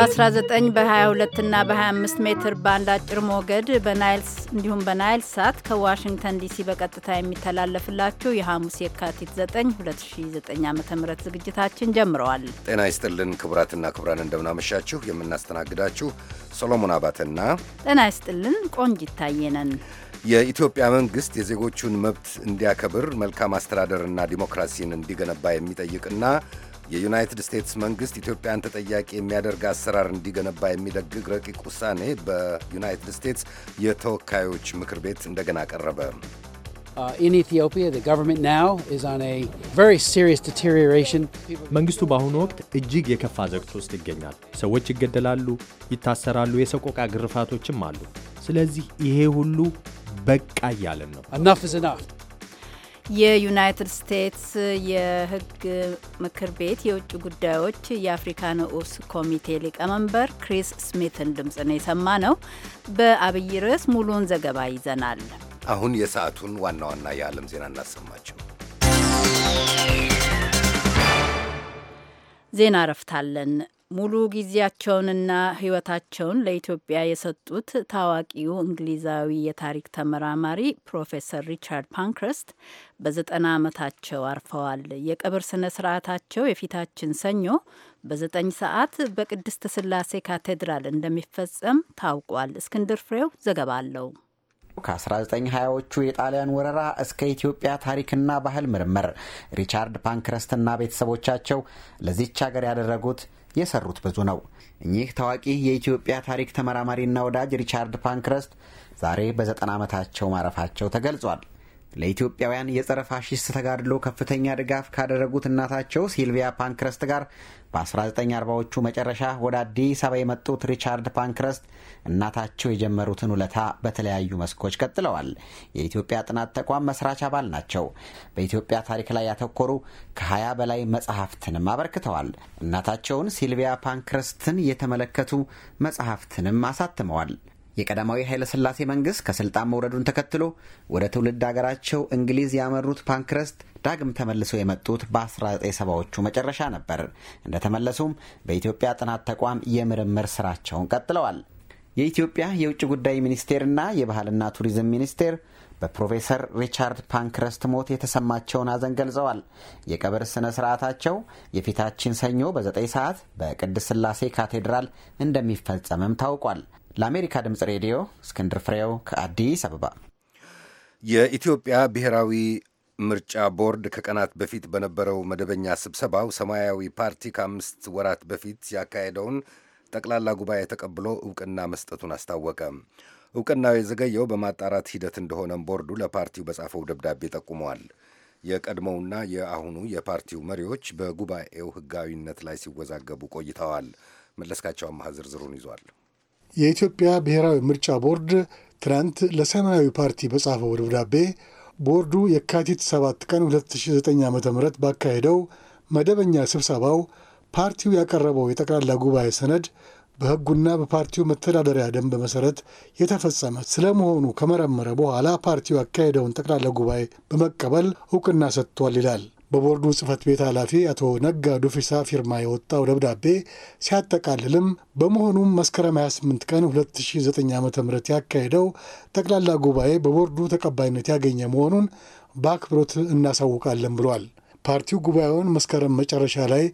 በ19 በ22 እና በ25 ሜትር ባንድ አጭር ሞገድ እንዲሁም በናይል ሳት ከዋሽንግተን ዲሲ በቀጥታ የሚተላለፍላችሁ የሐሙስ የካቲት 9 2009 ዓ ም ዝግጅታችን ጀምረዋል። ጤና ይስጥልን ክቡራትና ክቡራን፣ እንደምናመሻችሁ። የምናስተናግዳችሁ ሶሎሞን አባተና ጤና ይስጥልን ቆንጅ ይታየነን። የኢትዮጵያ መንግሥት የዜጎቹን መብት እንዲያከብር መልካም አስተዳደርና ዲሞክራሲን እንዲገነባ የሚጠይቅና የዩናይትድ ስቴትስ መንግሥት ኢትዮጵያን ተጠያቂ የሚያደርግ አሰራር እንዲገነባ የሚደግግ ረቂቅ ውሳኔ በዩናይትድ ስቴትስ የተወካዮች ምክር ቤት እንደገና ቀረበ። uh, መንግስቱ በአሁኑ ወቅት እጅግ የከፋ ዘግት ውስጥ ይገኛል። ሰዎች ይገደላሉ፣ ይታሰራሉ፣ የሰቆቃ ግርፋቶችም አሉ። ስለዚህ ይሄ ሁሉ በቃ እያለን ነው። የዩናይትድ ስቴትስ የሕግ ምክር ቤት የውጭ ጉዳዮች የአፍሪካ ንዑስ ኮሚቴ ሊቀመንበር ክሪስ ስሚትን ድምፅን የሰማ ነው። በአብይ ርዕስ ሙሉውን ዘገባ ይዘናል። አሁን የሰዓቱን ዋና ዋና የዓለም ዜና እናሰማቸው። ዜና እረፍታለን። ሙሉ ጊዜያቸውንና ሕይወታቸውን ለኢትዮጵያ የሰጡት ታዋቂው እንግሊዛዊ የታሪክ ተመራማሪ ፕሮፌሰር ሪቻርድ ፓንክረስት በዘጠና ዓመታቸው አርፈዋል። የቀብር ስነ ስርዓታቸው የፊታችን ሰኞ በዘጠኝ ሰዓት በቅድስት ስላሴ ካቴድራል እንደሚፈጸም ታውቋል። እስክንድር ፍሬው ዘገባ አለው። ከ1920ዎቹ የጣሊያን ወረራ እስከ ኢትዮጵያ ታሪክና ባህል ምርምር ሪቻርድ ፓንክረስትና ቤተሰቦቻቸው ለዚች ሀገር ያደረጉት የሰሩት ብዙ ነው። እኚህ ታዋቂ የኢትዮጵያ ታሪክ ተመራማሪና ወዳጅ ሪቻርድ ፓንክረስት ዛሬ በዘጠና ዓመታቸው ማረፋቸው ተገልጿል። ለኢትዮጵያውያን የጸረ ፋሽስት ተጋድሎ ከፍተኛ ድጋፍ ካደረጉት እናታቸው ሲልቪያ ፓንክረስት ጋር በ1940ዎቹ መጨረሻ ወደ አዲስ አበባ የመጡት ሪቻርድ ፓንክረስት እናታቸው የጀመሩትን ውለታ በተለያዩ መስኮች ቀጥለዋል። የኢትዮጵያ ጥናት ተቋም መስራች አባል ናቸው። በኢትዮጵያ ታሪክ ላይ ያተኮሩ ከ20 በላይ መጽሐፍትንም አበርክተዋል። እናታቸውን ሲልቪያ ፓንክረስትን የተመለከቱ መጽሐፍትንም አሳትመዋል። የቀዳማዊ ኃይለሥላሴ መንግሥት ከሥልጣን መውረዱን ተከትሎ ወደ ትውልድ አገራቸው እንግሊዝ ያመሩት ፓንክረስት ዳግም ተመልሰው የመጡት በ1970ዎቹ መጨረሻ ነበር። እንደተመለሱም በኢትዮጵያ ጥናት ተቋም የምርምር ሥራቸውን ቀጥለዋል። የኢትዮጵያ የውጭ ጉዳይ ሚኒስቴርና የባህልና ቱሪዝም ሚኒስቴር በፕሮፌሰር ሪቻርድ ፓንክረስት ሞት የተሰማቸውን ሐዘን ገልጸዋል። የቀብር ሥነ ሥርዓታቸው የፊታችን ሰኞ በ9 ሰዓት በቅድስት ሥላሴ ካቴድራል እንደሚፈጸምም ታውቋል። ለአሜሪካ ድምፅ ሬዲዮ እስክንድር ፍሬው ከአዲስ አበባ። የኢትዮጵያ ብሔራዊ ምርጫ ቦርድ ከቀናት በፊት በነበረው መደበኛ ስብሰባው ሰማያዊ ፓርቲ ከአምስት ወራት በፊት ያካሄደውን ጠቅላላ ጉባኤ ተቀብሎ እውቅና መስጠቱን አስታወቀ። እውቅናው የዘገየው በማጣራት ሂደት እንደሆነም ቦርዱ ለፓርቲው በጻፈው ደብዳቤ ጠቁመዋል። የቀድሞውና የአሁኑ የፓርቲው መሪዎች በጉባኤው ሕጋዊነት ላይ ሲወዛገቡ ቆይተዋል። መለስካቸው አማሃ ዝርዝሩን ይዟል። የኢትዮጵያ ብሔራዊ ምርጫ ቦርድ ትናንት ለሰማያዊ ፓርቲ በጻፈው ደብዳቤ ቦርዱ የካቲት 7 ቀን 2009 ዓ ም ባካሄደው መደበኛ ስብሰባው ፓርቲው ያቀረበው የጠቅላላ ጉባኤ ሰነድ በሕጉና በፓርቲው መተዳደሪያ ደንብ መሠረት የተፈጸመ ስለመሆኑ ከመረመረ በኋላ ፓርቲው ያካሄደውን ጠቅላላ ጉባኤ በመቀበል እውቅና ሰጥቷል ይላል። በቦርዱ ጽህፈት ቤት ኃላፊ አቶ ነጋ ዱፊሳ ፊርማ የወጣው ደብዳቤ ሲያጠቃልልም በመሆኑም መስከረም 28 ቀን 2009 ዓ ም ያካሄደው ጠቅላላ ጉባኤ በቦርዱ ተቀባይነት ያገኘ መሆኑን በአክብሮት እናሳውቃለን ብሏል። ፓርቲው ጉባኤውን መስከረም መጨረሻ ላይ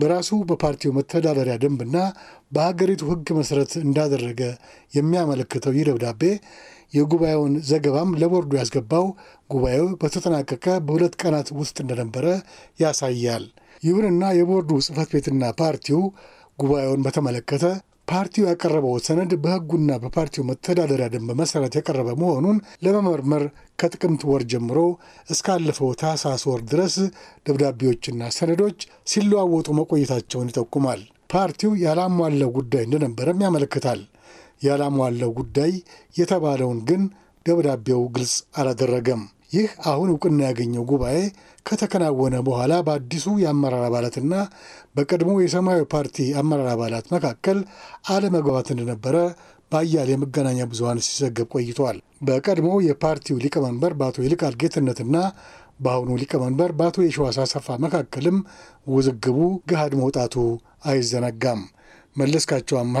በራሱ በፓርቲው መተዳደሪያ ደንብና በሀገሪቱ ሕግ መሠረት እንዳደረገ የሚያመለክተው ይህ ደብዳቤ የጉባኤውን ዘገባም ለቦርዱ ያስገባው ጉባኤው በተጠናቀቀ በሁለት ቀናት ውስጥ እንደነበረ ያሳያል። ይሁንና የቦርዱ ጽህፈት ቤትና ፓርቲው ጉባኤውን በተመለከተ ፓርቲው ያቀረበው ሰነድ በሕጉና በፓርቲው መተዳደሪያ ደንብ መሠረት የቀረበ መሆኑን ለመመርመር ከጥቅምት ወር ጀምሮ እስካለፈው ታህሳስ ወር ድረስ ደብዳቤዎችና ሰነዶች ሲለዋወጡ መቆየታቸውን ይጠቁማል። ፓርቲው ያላሟላው ጉዳይ እንደነበረም ያመለክታል። ያላሟላው ጉዳይ የተባለውን ግን ደብዳቤው ግልጽ አላደረገም። ይህ አሁን እውቅና ያገኘው ጉባኤ ከተከናወነ በኋላ በአዲሱ የአመራር አባላትና በቀድሞ የሰማያዊ ፓርቲ አመራር አባላት መካከል አለመግባባት እንደነበረ በአያሌ የመገናኛ ብዙሀን ሲዘገብ ቆይቷል። በቀድሞ የፓርቲው ሊቀመንበር በአቶ ይልቃል ጌትነትና በአሁኑ ሊቀመንበር በአቶ የሸዋስ አሰፋ መካከልም ውዝግቡ ገሃድ መውጣቱ አይዘነጋም። መለስካቸው አምሃ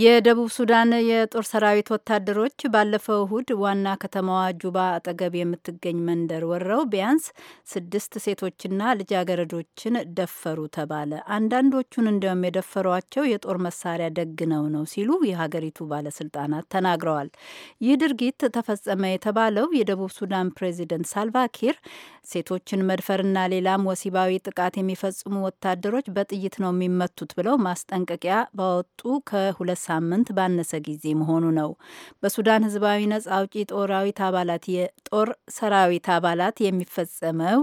የደቡብ ሱዳን የጦር ሰራዊት ወታደሮች ባለፈው እሁድ ዋና ከተማዋ ጁባ አጠገብ የምትገኝ መንደር ወረው ቢያንስ ስድስት ሴቶችና ልጃገረዶችን ደፈሩ ተባለ። አንዳንዶቹን እንዲያውም የደፈሯቸው የጦር መሳሪያ ደግነው ነው ሲሉ የሀገሪቱ ባለስልጣናት ተናግረዋል። ይህ ድርጊት ተፈጸመ የተባለው የደቡብ ሱዳን ፕሬዚደንት ሳልቫኪር ሴቶችን መድፈርና ሌላም ወሲባዊ ጥቃት የሚፈጽሙ ወታደሮች በጥይት ነው የሚመቱት ብለው ማስጠንቀቂያ ባወጡ ከሁለት ሳምንት ባነሰ ጊዜ መሆኑ ነው። በሱዳን ህዝባዊ ነጻ አውጪ ጦር ሰራዊት አባላት የሚፈጸመው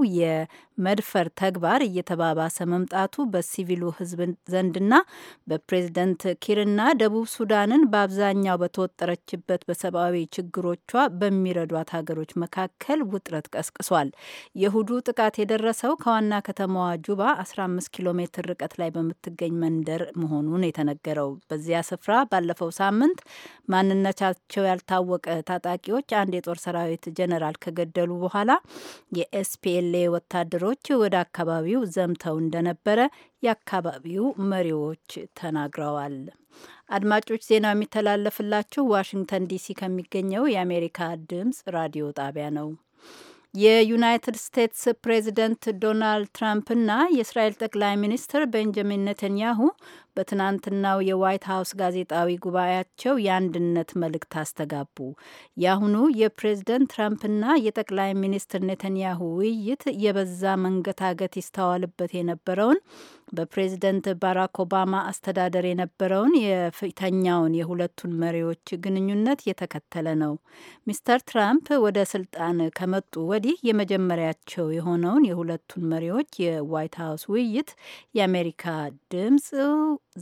መድፈር ተግባር እየተባባሰ መምጣቱ በሲቪሉ ሕዝብ ዘንድና በፕሬዝደንት ኪርና ደቡብ ሱዳንን በአብዛኛው በተወጠረችበት በሰብአዊ ችግሮቿ በሚረዷት ሀገሮች መካከል ውጥረት ቀስቅሷል። የሁዱ ጥቃት የደረሰው ከዋና ከተማዋ ጁባ 15 ኪሎ ሜትር ርቀት ላይ በምትገኝ መንደር መሆኑን የተነገረው በዚያ ስፍራ ባለፈው ሳምንት ማንነታቸው ያልታወቀ ታጣቂዎች አንድ የጦር ሰራዊት ጀነራል ከገደሉ በኋላ የኤስፒኤልኤ ወታደሮች አየሮች ወደ አካባቢው ዘምተው እንደነበረ የአካባቢው መሪዎች ተናግረዋል። አድማጮች ዜናው የሚተላለፍላችሁ ዋሽንግተን ዲሲ ከሚገኘው የአሜሪካ ድምጽ ራዲዮ ጣቢያ ነው። የዩናይትድ ስቴትስ ፕሬዚደንት ዶናልድ ትራምፕና የእስራኤል ጠቅላይ ሚኒስትር ቤንጃሚን ኔተንያሁ በትናንትናው የዋይት ሀውስ ጋዜጣዊ ጉባኤያቸው የአንድነት መልእክት አስተጋቡ። የአሁኑ የፕሬዝደንት ትራምፕና የጠቅላይ ሚኒስትር ኔተንያሁ ውይይት የበዛ መንገታገት ይስተዋልበት የነበረውን በፕሬዝደንት ባራክ ኦባማ አስተዳደር የነበረውን የፊተኛውን የሁለቱን መሪዎች ግንኙነት የተከተለ ነው። ሚስተር ትራምፕ ወደ ስልጣን ከመጡ ወዲህ የመጀመሪያቸው የሆነውን የሁለቱን መሪዎች የዋይት ሀውስ ውይይት የአሜሪካ ድምፅ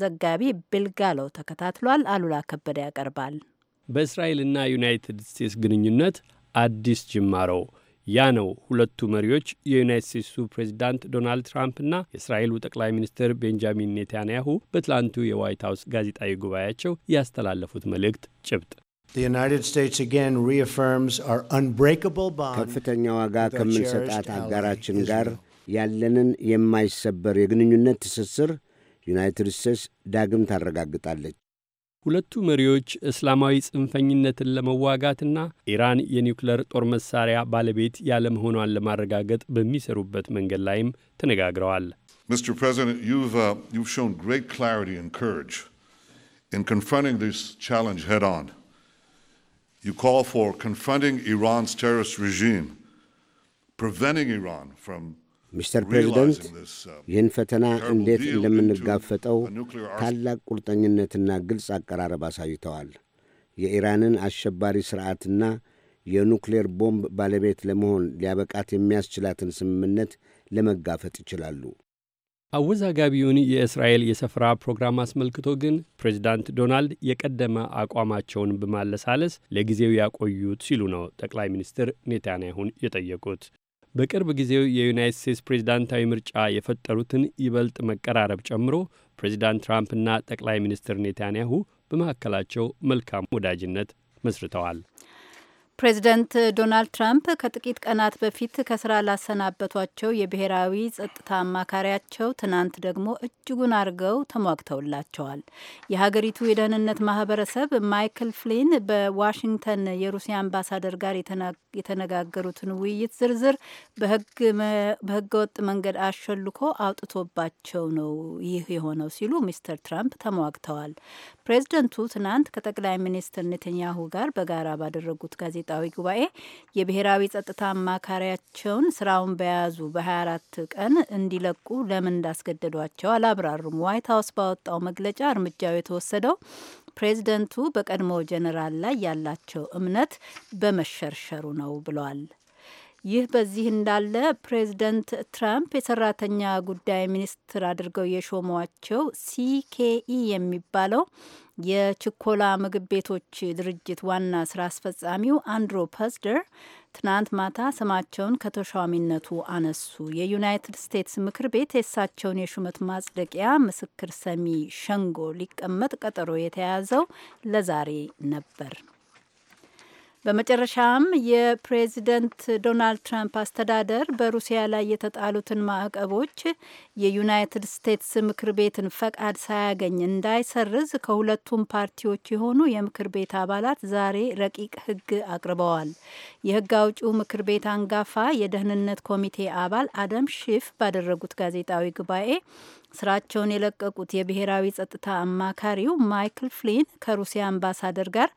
ዘጋቢ ቢልጋሎ ተከታትሏል። አሉላ ከበደ ያቀርባል። በእስራኤልና ዩናይትድ ስቴትስ ግንኙነት አዲስ ጅማሮ ያ ነው ሁለቱ መሪዎች የዩናይት ስቴትሱ ፕሬዚዳንት ዶናልድ ትራምፕና የእስራኤሉ ጠቅላይ ሚኒስትር ቤንጃሚን ኔታንያሁ በትላንቱ የዋይት ሀውስ ጋዜጣዊ ጉባኤያቸው ያስተላለፉት መልእክት ጭብጥ ከፍተኛ ዋጋ ከምንሰጣት አጋራችን ጋር ያለንን የማይሰበር የግንኙነት ትስስር ዩናይትድ ስቴትስ ዳግም ታረጋግጣለች። ሁለቱ መሪዎች እስላማዊ ጽንፈኝነትን ለመዋጋትና ኢራን የኒውክለር ጦር መሳሪያ ባለቤት ያለመሆኗን ለማረጋገጥ በሚሰሩበት መንገድ ላይም ተነጋግረዋል። Mr. President, you've, uh, you've shown great clarity and courage in confronting this challenge head on. You call for confronting Iran's terrorist regime, preventing Iran from ሚስተር ፕሬዚደንት um, ይህን ፈተና እንዴት እንደምንጋፈጠው ታላቅ ቁርጠኝነትና ግልጽ አቀራረብ አሳይተዋል። የኢራንን አሸባሪ ሥርዓትና የኑክሌር ቦምብ ባለቤት ለመሆን ሊያበቃት የሚያስችላትን ስምምነት ለመጋፈጥ ይችላሉ። አወዛጋቢውን የእስራኤል የሰፈራ ፕሮግራም አስመልክቶ ግን ፕሬዚዳንት ዶናልድ የቀደመ አቋማቸውን በማለሳለስ ለጊዜው ያቆዩት ሲሉ ነው ጠቅላይ ሚኒስትር ኔታንያሁን የጠየቁት። በቅርብ ጊዜው የዩናይት ስቴትስ ፕሬዚዳንታዊ ምርጫ የፈጠሩትን ይበልጥ መቀራረብ ጨምሮ ፕሬዚዳንት ትራምፕና ጠቅላይ ሚኒስትር ኔታንያሁ በመካከላቸው መልካም ወዳጅነት መስርተዋል። ፕሬዚደንት ዶናልድ ትራምፕ ከጥቂት ቀናት በፊት ከስራ ላሰናበቷቸው የብሔራዊ ጸጥታ አማካሪያቸው ትናንት ደግሞ እጅጉን አድርገው ተሟግተውላቸዋል። የሀገሪቱ የደህንነት ማህበረሰብ ማይክል ፍሊን በዋሽንግተን የሩሲያ አምባሳደር ጋር የተነጋገሩትን ውይይት ዝርዝር በህገወጥ መንገድ አሸልኮ አውጥቶባቸው ነው ይህ የሆነው ሲሉ ሚስተር ትራምፕ ተሟግተዋል። ፕሬዚደንቱ ትናንት ከጠቅላይ ሚኒስትር ኔተንያሁ ጋር በጋራ ባደረጉት ጋዜጣ ጋዜጣዊ ጉባኤ የብሔራዊ ጸጥታ አማካሪያቸውን ስራውን በያዙ በ24 ቀን እንዲለቁ ለምን እንዳስገደዷቸው አላብራሩም። ዋይት ሀውስ ባወጣው መግለጫ እርምጃው የተወሰደው ፕሬዚደንቱ በቀድሞ ጀኔራል ላይ ያላቸው እምነት በመሸርሸሩ ነው ብሏል። ይህ በዚህ እንዳለ ፕሬዚደንት ትራምፕ የሰራተኛ ጉዳይ ሚኒስትር አድርገው የሾሟቸው ሲኬኢ የሚባለው የችኮላ ምግብ ቤቶች ድርጅት ዋና ስራ አስፈጻሚው አንድሮ ፐስደር ትናንት ማታ ስማቸውን ከተሿሚነቱ አነሱ። የዩናይትድ ስቴትስ ምክር ቤት የእሳቸውን የሹመት ማጽደቂያ ምስክር ሰሚ ሸንጎ ሊቀመጥ ቀጠሮ የተያዘው ለዛሬ ነበር። በመጨረሻም የፕሬዚደንት ዶናልድ ትራምፕ አስተዳደር በሩሲያ ላይ የተጣሉትን ማዕቀቦች የዩናይትድ ስቴትስ ምክር ቤትን ፈቃድ ሳያገኝ እንዳይሰርዝ ከሁለቱም ፓርቲዎች የሆኑ የምክር ቤት አባላት ዛሬ ረቂቅ ሕግ አቅርበዋል። የሕግ አውጪው ምክር ቤት አንጋፋ የደህንነት ኮሚቴ አባል አደም ሺፍ ባደረጉት ጋዜጣዊ ጉባኤ ስራቸውን የለቀቁት የብሔራዊ ጸጥታ አማካሪው ማይክል ፍሊን ከሩሲያ አምባሳደር ጋር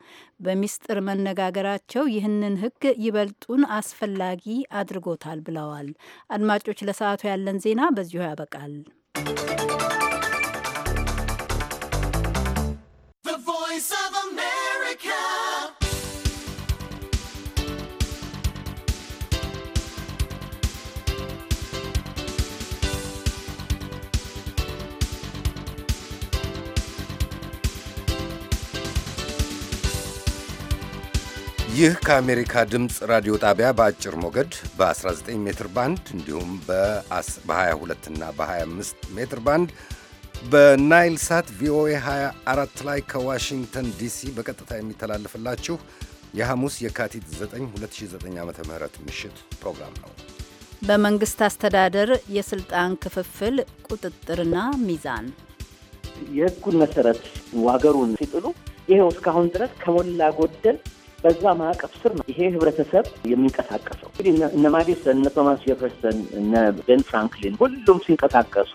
በሚስጥር መነጋገራቸው ይህንን ሕግ ይበልጡን አስፈላጊ አድርጎታል ብለዋል። አድማጮች፣ ለሰዓቱ ያለን ዜና በዚሁ ያበቃል። ይህ ከአሜሪካ ድምፅ ራዲዮ ጣቢያ በአጭር ሞገድ በ19 ሜትር ባንድ እንዲሁም በ22 እና በ25 ሜትር ባንድ በናይል ሳት ቪኦኤ 24 ላይ ከዋሽንግተን ዲሲ በቀጥታ የሚተላለፍላችሁ የሐሙስ የካቲት 9 2009 ዓ ም ምሽት ፕሮግራም ነው። በመንግስት አስተዳደር የስልጣን ክፍፍል ቁጥጥርና ሚዛን የህጉን መሰረት ዋገሩን ሲጥሉ ይኸው እስካሁን ድረስ ከሞላ ጎደል በዛ ማዕቀፍ ስር ነው ይሄ ህብረተሰብ የሚንቀሳቀሰው። እንግዲህ እነ ማዲሰን፣ እነ ቶማስ ጀፈርሰን፣ እነ ቤን ፍራንክሊን ሁሉም ሲንቀሳቀሱ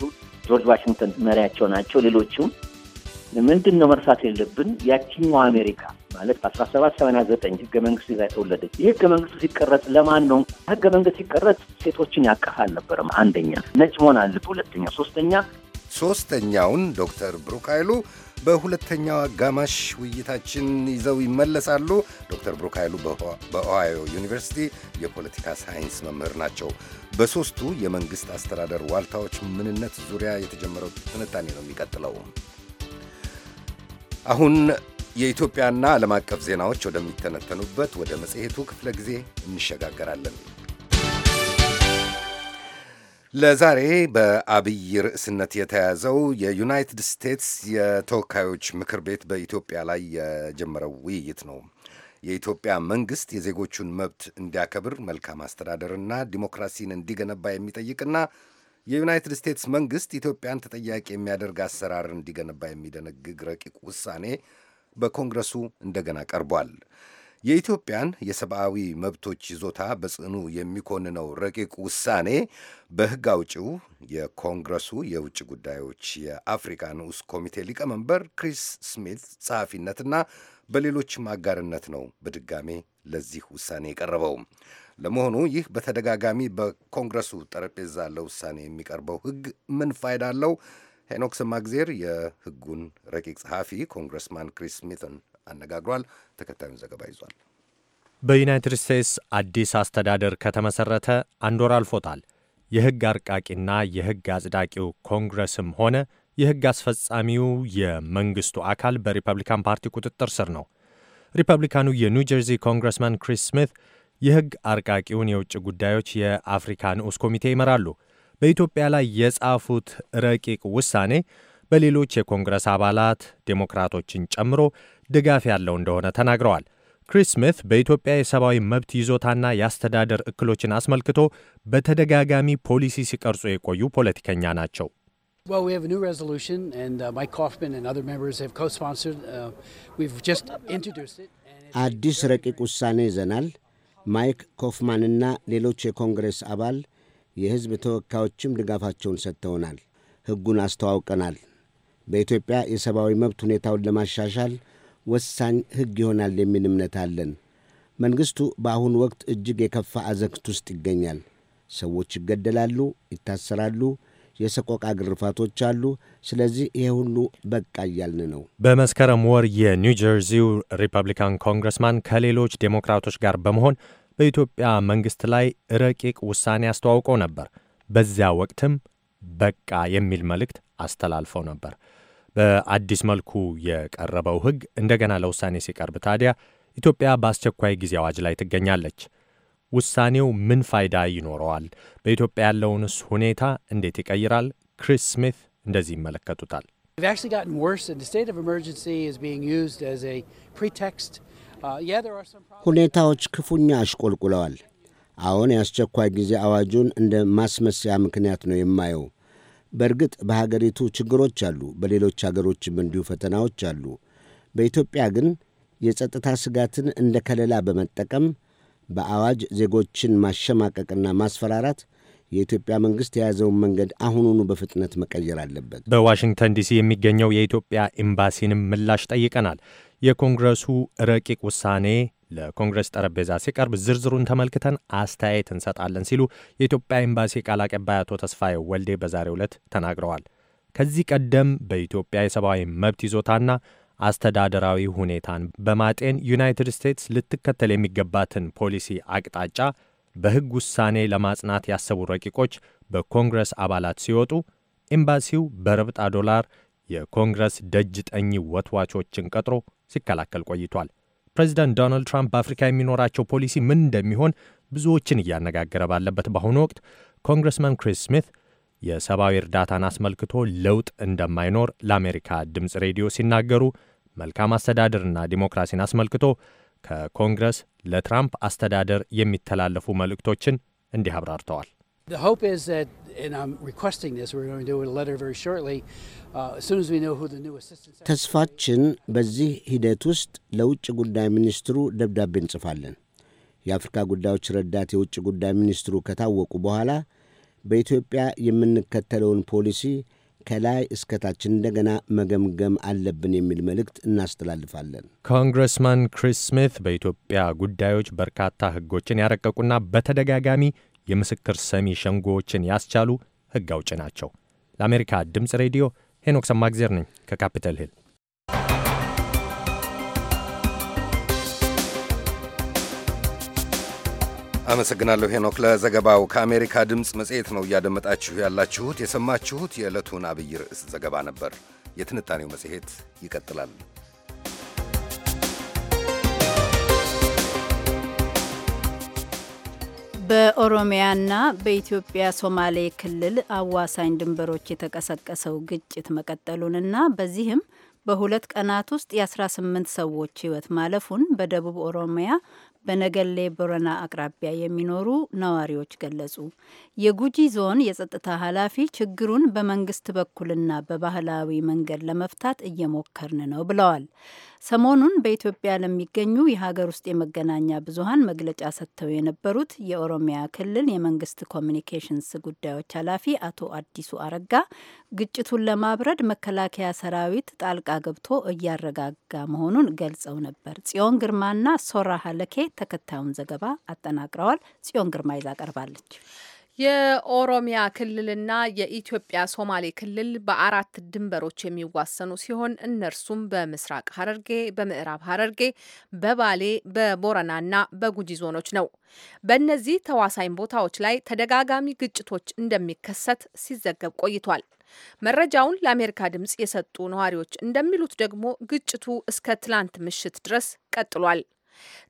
ጆርጅ ዋሽንግተን መሪያቸው ናቸው። ሌሎችም ምንድን ነው መርሳት የለብን ያቺኛው አሜሪካ ማለት በአስራ ሰባት ሰማንያ ዘጠኝ ህገ መንግስት ይዛ የተወለደች ይህ ህገ መንግስቱ ሲቀረጽ ለማን ነው? ህገ መንግስት ሲቀረጽ ሴቶችን ያቀፍ አልነበረም። አንደኛ ነጭ መሆን አለበት። ሁለተኛ ሶስተኛ ሶስተኛውን ዶክተር ብሩክ ኃይሉ በሁለተኛው አጋማሽ ውይይታችን ይዘው ይመለሳሉ። ዶክተር ብሩክ ኃይሉ በኦሃዮ ዩኒቨርሲቲ የፖለቲካ ሳይንስ መምህር ናቸው። በሦስቱ የመንግሥት አስተዳደር ዋልታዎች ምንነት ዙሪያ የተጀመረው ትንታኔ ነው የሚቀጥለው። አሁን የኢትዮጵያና ዓለም አቀፍ ዜናዎች ወደሚተነተኑበት ወደ መጽሔቱ ክፍለ ጊዜ እንሸጋገራለን። ለዛሬ በአብይ ርዕስነት የተያዘው የዩናይትድ ስቴትስ የተወካዮች ምክር ቤት በኢትዮጵያ ላይ የጀመረው ውይይት ነው። የኢትዮጵያ መንግስት የዜጎቹን መብት እንዲያከብር መልካም አስተዳደርና ዲሞክራሲን እንዲገነባ የሚጠይቅና የዩናይትድ ስቴትስ መንግስት ኢትዮጵያን ተጠያቂ የሚያደርግ አሰራር እንዲገነባ የሚደነግግ ረቂቅ ውሳኔ በኮንግረሱ እንደገና ቀርቧል። የኢትዮጵያን የሰብአዊ መብቶች ይዞታ በጽኑ የሚኮንነው ረቂቅ ውሳኔ በሕግ አውጪው የኮንግረሱ የውጭ ጉዳዮች የአፍሪካ ንዑስ ኮሚቴ ሊቀመንበር ክሪስ ስሚት ጸሐፊነትና በሌሎችም አጋርነት ነው በድጋሜ ለዚህ ውሳኔ የቀረበው። ለመሆኑ ይህ በተደጋጋሚ በኮንግረሱ ጠረጴዛ ለውሳኔ የሚቀርበው ሕግ ምን ፋይዳ አለው? ሄኖክ ሰማግዜር የሕጉን ረቂቅ ጸሐፊ ኮንግረስማን ክሪስ ስሚትን አነጋግሯል። ተከታዩን ዘገባ ይዟል። በዩናይትድ ስቴትስ አዲስ አስተዳደር ከተመሠረተ አንድ ወር አልፎታል። የሕግ አርቃቂና የሕግ አጽዳቂው ኮንግረስም ሆነ የሕግ አስፈጻሚው የመንግሥቱ አካል በሪፐብሊካን ፓርቲ ቁጥጥር ስር ነው። ሪፐብሊካኑ የኒው ጀርዚ ኮንግረስማን ክሪስ ስሚት የሕግ አርቃቂውን የውጭ ጉዳዮች የአፍሪካ ንዑስ ኮሚቴ ይመራሉ። በኢትዮጵያ ላይ የጻፉት ረቂቅ ውሳኔ በሌሎች የኮንግረስ አባላት ዴሞክራቶችን ጨምሮ ድጋፍ ያለው እንደሆነ ተናግረዋል። ክሪስ ስሚት በኢትዮጵያ የሰብአዊ መብት ይዞታና የአስተዳደር እክሎችን አስመልክቶ በተደጋጋሚ ፖሊሲ ሲቀርጹ የቆዩ ፖለቲከኛ ናቸው። uh, uh, አዲስ ረቂቅ ውሳኔ ይዘናል። ማይክ ኮፍማንና ሌሎች የኮንግሬስ አባል የሕዝብ ተወካዮችም ድጋፋቸውን ሰጥተውናል። ሕጉን አስተዋውቀናል። በኢትዮጵያ የሰብአዊ መብት ሁኔታውን ለማሻሻል ወሳኝ ሕግ ይሆናል የሚል እምነት አለን። መንግሥቱ በአሁኑ ወቅት እጅግ የከፋ አዘግት ውስጥ ይገኛል። ሰዎች ይገደላሉ፣ ይታሰራሉ፣ የሰቆቃ ግርፋቶች አሉ። ስለዚህ ይሄ ሁሉ በቃ እያልን ነው። በመስከረም ወር የኒው ሪፐብሊካን ኮንግረስማን ከሌሎች ዴሞክራቶች ጋር በመሆን በኢትዮጵያ መንግሥት ላይ ረቂቅ ውሳኔ አስተዋውቀው ነበር። በዚያ ወቅትም በቃ የሚል መልእክት አስተላልፈው ነበር። በአዲስ መልኩ የቀረበው ሕግ እንደገና ለውሳኔ ሲቀርብ ታዲያ ኢትዮጵያ በአስቸኳይ ጊዜ አዋጅ ላይ ትገኛለች። ውሳኔው ምን ፋይዳ ይኖረዋል? በኢትዮጵያ ያለውንስ ሁኔታ እንዴት ይቀይራል? ክሪስ ስሚት እንደዚህ ይመለከቱታል። uh, ሁኔታዎች ክፉኛ አሽቆልቁለዋል። አሁን የአስቸኳይ ጊዜ አዋጁን እንደ ማስመሰያ ምክንያት ነው የማየው። በእርግጥ በሀገሪቱ ችግሮች አሉ፣ በሌሎች ሀገሮችም እንዲሁ ፈተናዎች አሉ። በኢትዮጵያ ግን የጸጥታ ስጋትን እንደ ከለላ በመጠቀም በአዋጅ ዜጎችን ማሸማቀቅና ማስፈራራት የኢትዮጵያ መንግስት የያዘውን መንገድ አሁኑኑ በፍጥነት መቀየር አለበት። በዋሽንግተን ዲሲ የሚገኘው የኢትዮጵያ ኤምባሲንም ምላሽ ጠይቀናል። የኮንግረሱ ረቂቅ ውሳኔ ለኮንግረስ ጠረጴዛ ሲቀርብ ዝርዝሩን ተመልክተን አስተያየት እንሰጣለን ሲሉ የኢትዮጵያ ኤምባሲ ቃል አቀባይ አቶ ተስፋዬ ወልዴ በዛሬው ዕለት ተናግረዋል። ከዚህ ቀደም በኢትዮጵያ የሰብአዊ መብት ይዞታና አስተዳደራዊ ሁኔታን በማጤን ዩናይትድ ስቴትስ ልትከተል የሚገባትን ፖሊሲ አቅጣጫ በሕግ ውሳኔ ለማጽናት ያሰቡ ረቂቆች በኮንግረስ አባላት ሲወጡ ኤምባሲው በረብጣ ዶላር የኮንግረስ ደጅ ጠኝ ወትዋቾችን ቀጥሮ ሲከላከል ቆይቷል። ፕሬዚዳንት ዶናልድ ትራምፕ በአፍሪካ የሚኖራቸው ፖሊሲ ምን እንደሚሆን ብዙዎችን እያነጋገረ ባለበት በአሁኑ ወቅት ኮንግረስማን ክሪስ ስሚት የሰብአዊ እርዳታን አስመልክቶ ለውጥ እንደማይኖር ለአሜሪካ ድምፅ ሬዲዮ ሲናገሩ፣ መልካም አስተዳደርና ዲሞክራሲን አስመልክቶ ከኮንግረስ ለትራምፕ አስተዳደር የሚተላለፉ መልእክቶችን እንዲህ አብራርተዋል። The hope is that ተስፋችን በዚህ ሂደት ውስጥ ለውጭ ጉዳይ ሚኒስትሩ ደብዳቤ እንጽፋለን። የአፍሪካ ጉዳዮች ረዳት የውጭ ጉዳይ ሚኒስትሩ ከታወቁ በኋላ በኢትዮጵያ የምንከተለውን ፖሊሲ ከላይ እስከታችን እንደገና መገምገም አለብን የሚል መልእክት እናስተላልፋለን። ኮንግረስማን ክሪስ ስሚት በኢትዮጵያ ጉዳዮች በርካታ ሕጎችን ያረቀቁና በተደጋጋሚ የምስክር ሰሚ ሸንጎዎችን ያስቻሉ ሕግ አውጭ ናቸው። ለአሜሪካ ድምፅ ሬዲዮ ሄኖክ ሰማግዜር ነኝ ከካፒተል ሂል። አመሰግናለሁ ሄኖክ ለዘገባው። ከአሜሪካ ድምፅ መጽሔት ነው እያደመጣችሁ ያላችሁት። የሰማችሁት የዕለቱን አብይ ርዕስ ዘገባ ነበር። የትንታኔው መጽሔት ይቀጥላል። በኦሮሚያና በኢትዮጵያ ሶማሌ ክልል አዋሳኝ ድንበሮች የተቀሰቀሰው ግጭት መቀጠሉንና በዚህም በሁለት ቀናት ውስጥ የ18 ሰዎች ሕይወት ማለፉን በደቡብ ኦሮሚያ በነገሌ ቦረና አቅራቢያ የሚኖሩ ነዋሪዎች ገለጹ። የጉጂ ዞን የጸጥታ ኃላፊ ችግሩን በመንግስት በኩልና በባህላዊ መንገድ ለመፍታት እየሞከርን ነው ብለዋል። ሰሞኑን በኢትዮጵያ ለሚገኙ የሀገር ውስጥ የመገናኛ ብዙሀን መግለጫ ሰጥተው የነበሩት የኦሮሚያ ክልል የመንግስት ኮሚኒኬሽንስ ጉዳዮች ኃላፊ አቶ አዲሱ አረጋ ግጭቱን ለማብረድ መከላከያ ሰራዊት ጣልቃ ገብቶ እያረጋጋ መሆኑን ገልጸው ነበር። ጽዮን ግርማና ሶራ ሀለኬ ተከታዩን ዘገባ አጠናቅረዋል። ጽዮን ግርማ ይዛ ቀርባለች። የኦሮሚያ ክልልና የኢትዮጵያ ሶማሌ ክልል በአራት ድንበሮች የሚዋሰኑ ሲሆን እነርሱም በምስራቅ ሐረርጌ፣ በምዕራብ ሐረርጌ፣ በባሌ፣ በቦረናና በጉጂ ዞኖች ነው። በእነዚህ ተዋሳኝ ቦታዎች ላይ ተደጋጋሚ ግጭቶች እንደሚከሰት ሲዘገብ ቆይቷል። መረጃውን ለአሜሪካ ድምፅ የሰጡ ነዋሪዎች እንደሚሉት ደግሞ ግጭቱ እስከ ትላንት ምሽት ድረስ ቀጥሏል።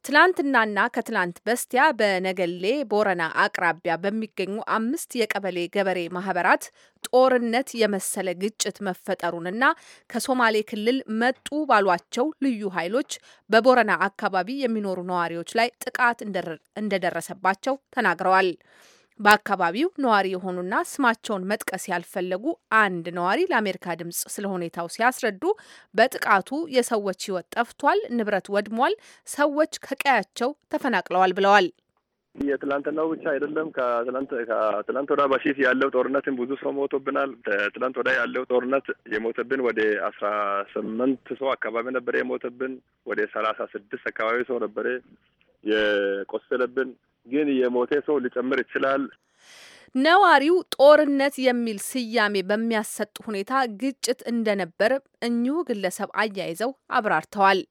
ትላንትናና ከትላንት በስቲያ በነገሌ ቦረና አቅራቢያ በሚገኙ አምስት የቀበሌ ገበሬ ማህበራት ጦርነት የመሰለ ግጭት መፈጠሩንና ከሶማሌ ክልል መጡ ባሏቸው ልዩ ኃይሎች በቦረና አካባቢ የሚኖሩ ነዋሪዎች ላይ ጥቃት እንደደረሰባቸው ተናግረዋል። በአካባቢው ነዋሪ የሆኑና ስማቸውን መጥቀስ ያልፈለጉ አንድ ነዋሪ ለአሜሪካ ድምጽ ስለ ሁኔታው ሲያስረዱ በጥቃቱ የሰዎች ህይወት ጠፍቷል፣ ንብረት ወድሟል፣ ሰዎች ከቀያቸው ተፈናቅለዋል ብለዋል። የትላንትናው ብቻ አይደለም። ከትላንት ወዳ በፊት ያለው ጦርነትን ብዙ ሰው ሞቶብናል። ትላንት ወዳ ያለው ጦርነት የሞተብን ወደ አስራ ስምንት ሰው አካባቢ ነበረ። የሞተብን ወደ ሰላሳ ስድስት አካባቢ ሰው ነበረ የቆሰለብን ግን የሞተ ሰው ሊጨምር ይችላል። ነዋሪው ጦርነት የሚል ስያሜ በሚያሰጥ ሁኔታ ግጭት እንደነበር እኚሁ ግለሰብ አያይዘው አብራርተዋል።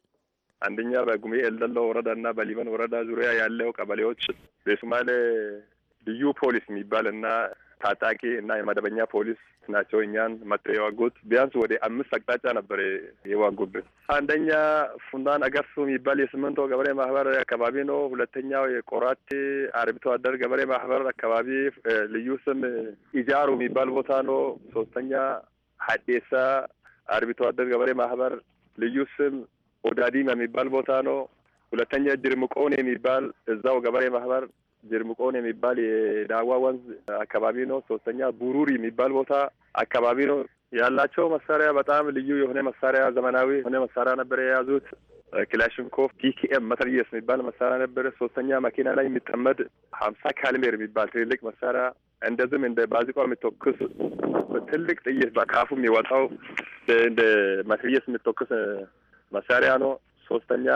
አንደኛ በጉሜ ኤልደሎ ወረዳ እና በሊበን ወረዳ ዙሪያ ያለው ቀበሌዎች በሶማሌ ልዩ ፖሊስ የሚባል እና ታጣቂ እና የመደበኛ ፖሊስ ናቸው እኛን መጥ የዋጉት። ቢያንስ ወደ አምስት አቅጣጫ ነበር የዋጉብን። አንደኛ ፉንዳን አገርሱ የሚባል የስምንቶ ገበሬ ማህበር አካባቢ ነው። ሁለተኛው የቆራቴ አርብቶ አደር ገበሬ ማህበር አካባቢ ልዩ ስም ኢጃሩ የሚባል ቦታ ነው። ሶስተኛ ሀዴሳ አርብቶ አደር ገበሬ ማህበር ልዩ ስም ኦዳዲማ የሚባል ቦታ ነው። ሁለተኛ ጅርምቆን የሚባል እዛው ገበሬ ማህበር ጅርምቆን የሚባል የዳዋ ወንዝ አካባቢ ነው። ሶስተኛ ቡሩሪ የሚባል ቦታ አካባቢ ነው። ያላቸው መሳሪያ በጣም ልዩ የሆነ መሳሪያ፣ ዘመናዊ የሆነ መሳሪያ ነበር የያዙት። ክላሽንኮቭ ፒኬኤም መትረየስ የሚባል መሳሪያ ነበረ። ሶስተኛ መኪና ላይ የሚጠመድ ሀምሳ ካልሜር የሚባል ትልልቅ መሳሪያ እንደዚህም እንደ ባዚቋ የሚተኩስ ትልቅ ጥይት በካፉ የሚወጣው እንደ መትረየስ የሚተኩስ መሳሪያ ነው። ሶስተኛ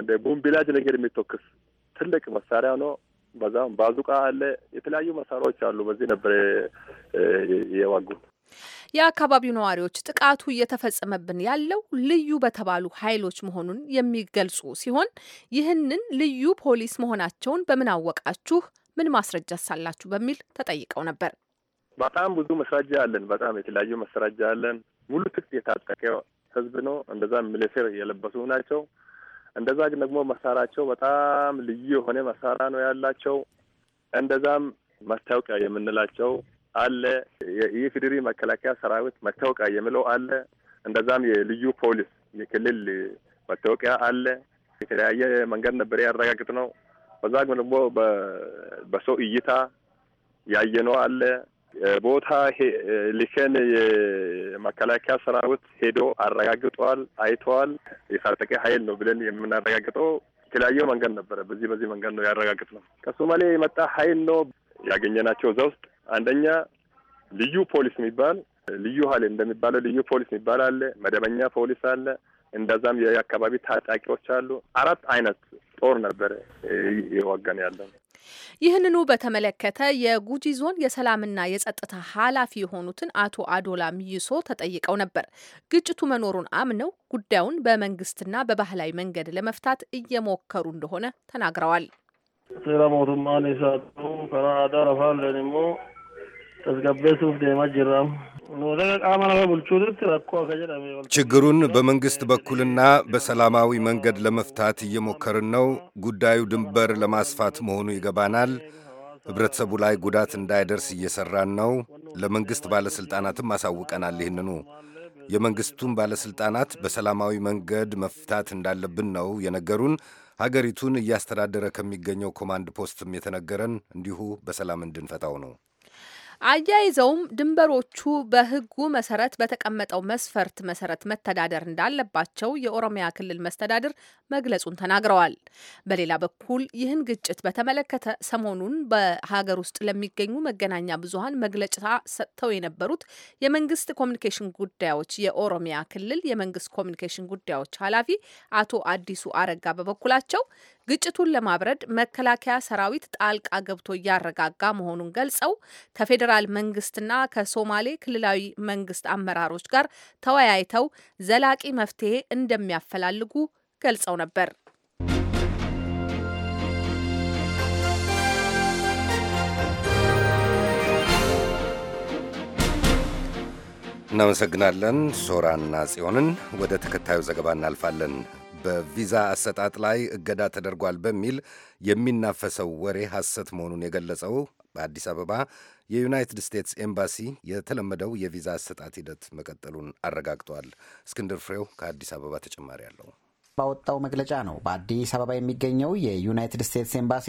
እንደ ቡምቢላጅ ነገር የሚተኩስ ትልቅ መሳሪያ ነው። በዛም ባዙቃ አለ፣ የተለያዩ መሳሪያዎች አሉ። በዚህ ነበር የዋጉ። የአካባቢው ነዋሪዎች ጥቃቱ እየተፈጸመብን ያለው ልዩ በተባሉ ኃይሎች መሆኑን የሚገልጹ ሲሆን ይህንን ልዩ ፖሊስ መሆናቸውን በምን አወቃችሁ? ምን ማስረጃ ሳላችሁ? በሚል ተጠይቀው ነበር። በጣም ብዙ መስራጃ አለን። በጣም የተለያዩ መስራጃ አለን። ሙሉ ትጥቅ የታጠቀ ህዝብ ነው። እንደዛ ሚሊሴር የለበሱ ናቸው። እንደዛ ግን ደግሞ መሳሪያቸው በጣም ልዩ የሆነ መሳሪያ ነው ያላቸው። እንደዛም መታወቂያ የምንላቸው አለ። የኢፌዴሪ መከላከያ ሰራዊት መታወቂያ የሚለው አለ። እንደዛም የልዩ ፖሊስ የክልል መታወቂያ አለ። የተለያየ መንገድ ነበር ያረጋግጥ ነው። በዛ ደግሞ በሰው እይታ ያየነው አለ። ቦታ ሊከን የመከላከያ ሰራዊት ሄዶ አረጋግጠዋል፣ አይተዋል። የታጠቀ ኃይል ነው ብለን የምናረጋግጠው የተለያየ መንገድ ነበረ። በዚህ በዚህ መንገድ ነው ያረጋግጥ ነው። ከሶማሌ የመጣ ኃይል ነው ያገኘናቸው። እዛ ውስጥ አንደኛ ልዩ ፖሊስ የሚባል ልዩ ኃይል እንደሚባለው ልዩ ፖሊስ የሚባል አለ፣ መደበኛ ፖሊስ አለ፣ እንደዛም የአካባቢ ታጣቂዎች አሉ። አራት አይነት ጦር ነበረ ይዋጋን ያለው ይህንኑ በተመለከተ የጉጂ ዞን የሰላምና የጸጥታ ኃላፊ የሆኑትን አቶ አዶላ ሚይሶ ተጠይቀው ነበር። ግጭቱ መኖሩን አምነው ጉዳዩን በመንግስትና በባህላዊ መንገድ ለመፍታት እየሞከሩ እንደሆነ ተናግረዋል። ችግሩን በመንግስት በኩልና በሰላማዊ መንገድ ለመፍታት እየሞከርን ነው። ጉዳዩ ድንበር ለማስፋት መሆኑ ይገባናል። ህብረተሰቡ ላይ ጉዳት እንዳይደርስ እየሰራን ነው። ለመንግስት ባለሥልጣናትም አሳውቀናል። ይህንኑ የመንግስቱን ባለሥልጣናት በሰላማዊ መንገድ መፍታት እንዳለብን ነው የነገሩን። ሀገሪቱን እያስተዳደረ ከሚገኘው ኮማንድ ፖስትም የተነገረን እንዲሁ በሰላም እንድንፈታው ነው። አያይዘውም ድንበሮቹ በህጉ መሰረት በተቀመጠው መስፈርት መሰረት መተዳደር እንዳለባቸው የኦሮሚያ ክልል መስተዳድር መግለጹን ተናግረዋል። በሌላ በኩል ይህን ግጭት በተመለከተ ሰሞኑን በሀገር ውስጥ ለሚገኙ መገናኛ ብዙሀን መግለጫ ሰጥተው የነበሩት የመንግስት ኮሚኒኬሽን ጉዳዮች የኦሮሚያ ክልል የመንግስት ኮሚኒኬሽን ጉዳዮች ኃላፊ አቶ አዲሱ አረጋ በበኩላቸው ግጭቱን ለማብረድ መከላከያ ሰራዊት ጣልቃ ገብቶ እያረጋጋ መሆኑን ገልጸው ከፌዴራል መንግስትና ከሶማሌ ክልላዊ መንግስት አመራሮች ጋር ተወያይተው ዘላቂ መፍትሄ እንደሚያፈላልጉ ገልጸው ነበር። እናመሰግናለን ሶራና ጽዮንን። ወደ ተከታዩ ዘገባ እናልፋለን። በቪዛ አሰጣጥ ላይ እገዳ ተደርጓል በሚል የሚናፈሰው ወሬ ሐሰት መሆኑን የገለጸው በአዲስ አበባ የዩናይትድ ስቴትስ ኤምባሲ የተለመደው የቪዛ አሰጣጥ ሂደት መቀጠሉን አረጋግጧል። እስክንድር ፍሬው ከአዲስ አበባ ተጨማሪ አለው። ባወጣው መግለጫ ነው በአዲስ አበባ የሚገኘው የዩናይትድ ስቴትስ ኤምባሲ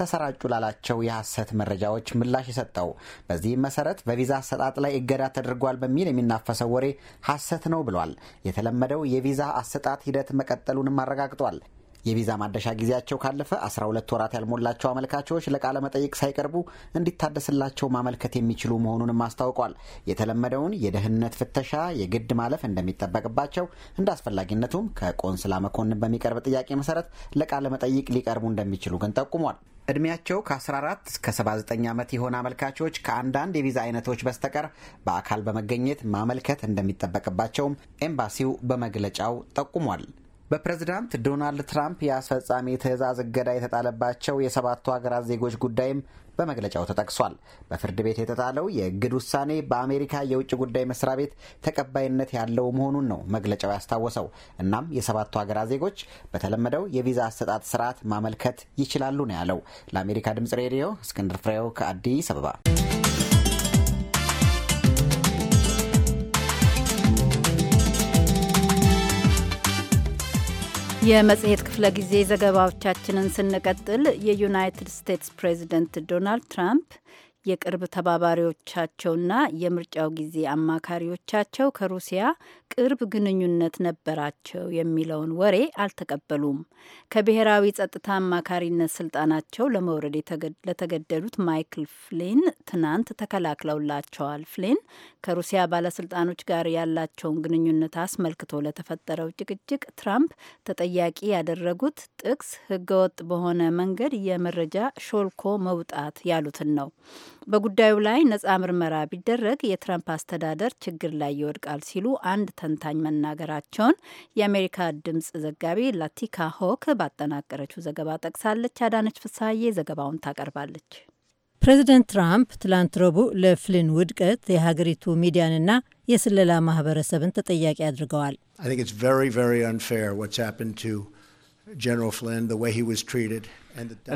ተሰራጩ ላላቸው የሐሰት መረጃዎች ምላሽ የሰጠው። በዚህም መሰረት በቪዛ አሰጣጥ ላይ እገዳ ተደርጓል በሚል የሚናፈሰው ወሬ ሐሰት ነው ብሏል። የተለመደው የቪዛ አሰጣጥ ሂደት መቀጠሉንም አረጋግጧል። የቪዛ ማደሻ ጊዜያቸው ካለፈ 12 ወራት ያልሞላቸው አመልካቾች ለቃለ መጠይቅ ሳይቀርቡ እንዲታደስላቸው ማመልከት የሚችሉ መሆኑንም አስታውቋል። የተለመደውን የደህንነት ፍተሻ የግድ ማለፍ እንደሚጠበቅባቸው፣ እንደ አስፈላጊነቱም ከቆንስላ መኮንን በሚቀርብ ጥያቄ መሰረት ለቃለ መጠይቅ ሊቀርቡ እንደሚችሉ ግን ጠቁሟል። እድሜያቸው ከ14 እስከ 79 ዓመት የሆነ አመልካቾች ከአንዳንድ የቪዛ አይነቶች በስተቀር በአካል በመገኘት ማመልከት እንደሚጠበቅባቸውም ኤምባሲው በመግለጫው ጠቁሟል። በፕሬዝዳንት ዶናልድ ትራምፕ የአስፈጻሚ ትዕዛዝ እገዳ የተጣለባቸው የሰባቱ ሀገራት ዜጎች ጉዳይም በመግለጫው ተጠቅሷል። በፍርድ ቤት የተጣለው የእግድ ውሳኔ በአሜሪካ የውጭ ጉዳይ መስሪያ ቤት ተቀባይነት ያለው መሆኑን ነው መግለጫው ያስታወሰው። እናም የሰባቱ ሀገራት ዜጎች በተለመደው የቪዛ አሰጣጥ ስርዓት ማመልከት ይችላሉ ነው ያለው። ለአሜሪካ ድምጽ ሬዲዮ እስክንድር ፍሬው ከአዲስ አበባ የመጽሔት ክፍለ ጊዜ ዘገባዎቻችንን ስንቀጥል የዩናይትድ ስቴትስ ፕሬዚደንት ዶናልድ ትራምፕ የቅርብ ተባባሪዎቻቸውና የምርጫው ጊዜ አማካሪዎቻቸው ከሩሲያ ቅርብ ግንኙነት ነበራቸው የሚለውን ወሬ አልተቀበሉም። ከብሔራዊ ጸጥታ አማካሪነት ስልጣናቸው ለመውረድ ለተገደዱት ማይክል ፍሊን ትናንት ተከላክለውላቸዋል። ፍሊን ከሩሲያ ባለስልጣኖች ጋር ያላቸውን ግንኙነት አስመልክቶ ለተፈጠረው ጭቅጭቅ ትራምፕ ተጠያቂ ያደረጉት ጥቅስ ህገወጥ በሆነ መንገድ የመረጃ ሾልኮ መውጣት ያሉትን ነው። በጉዳዩ ላይ ነጻ ምርመራ ቢደረግ የትራምፕ አስተዳደር ችግር ላይ ይወድቃል ሲሉ አንድ ተንታኝ መናገራቸውን የአሜሪካ ድምጽ ዘጋቢ ላቲካ ሆክ ባጠናቀረችው ዘገባ ጠቅሳለች። አዳነች ፍሳዬ ዘገባውን ታቀርባለች። ፕሬዚደንት ትራምፕ ትላንት ረቡዕ ለፍሊን ውድቀት የሀገሪቱ ሚዲያንና የስለላ ማህበረሰብን ተጠያቂ አድርገዋል።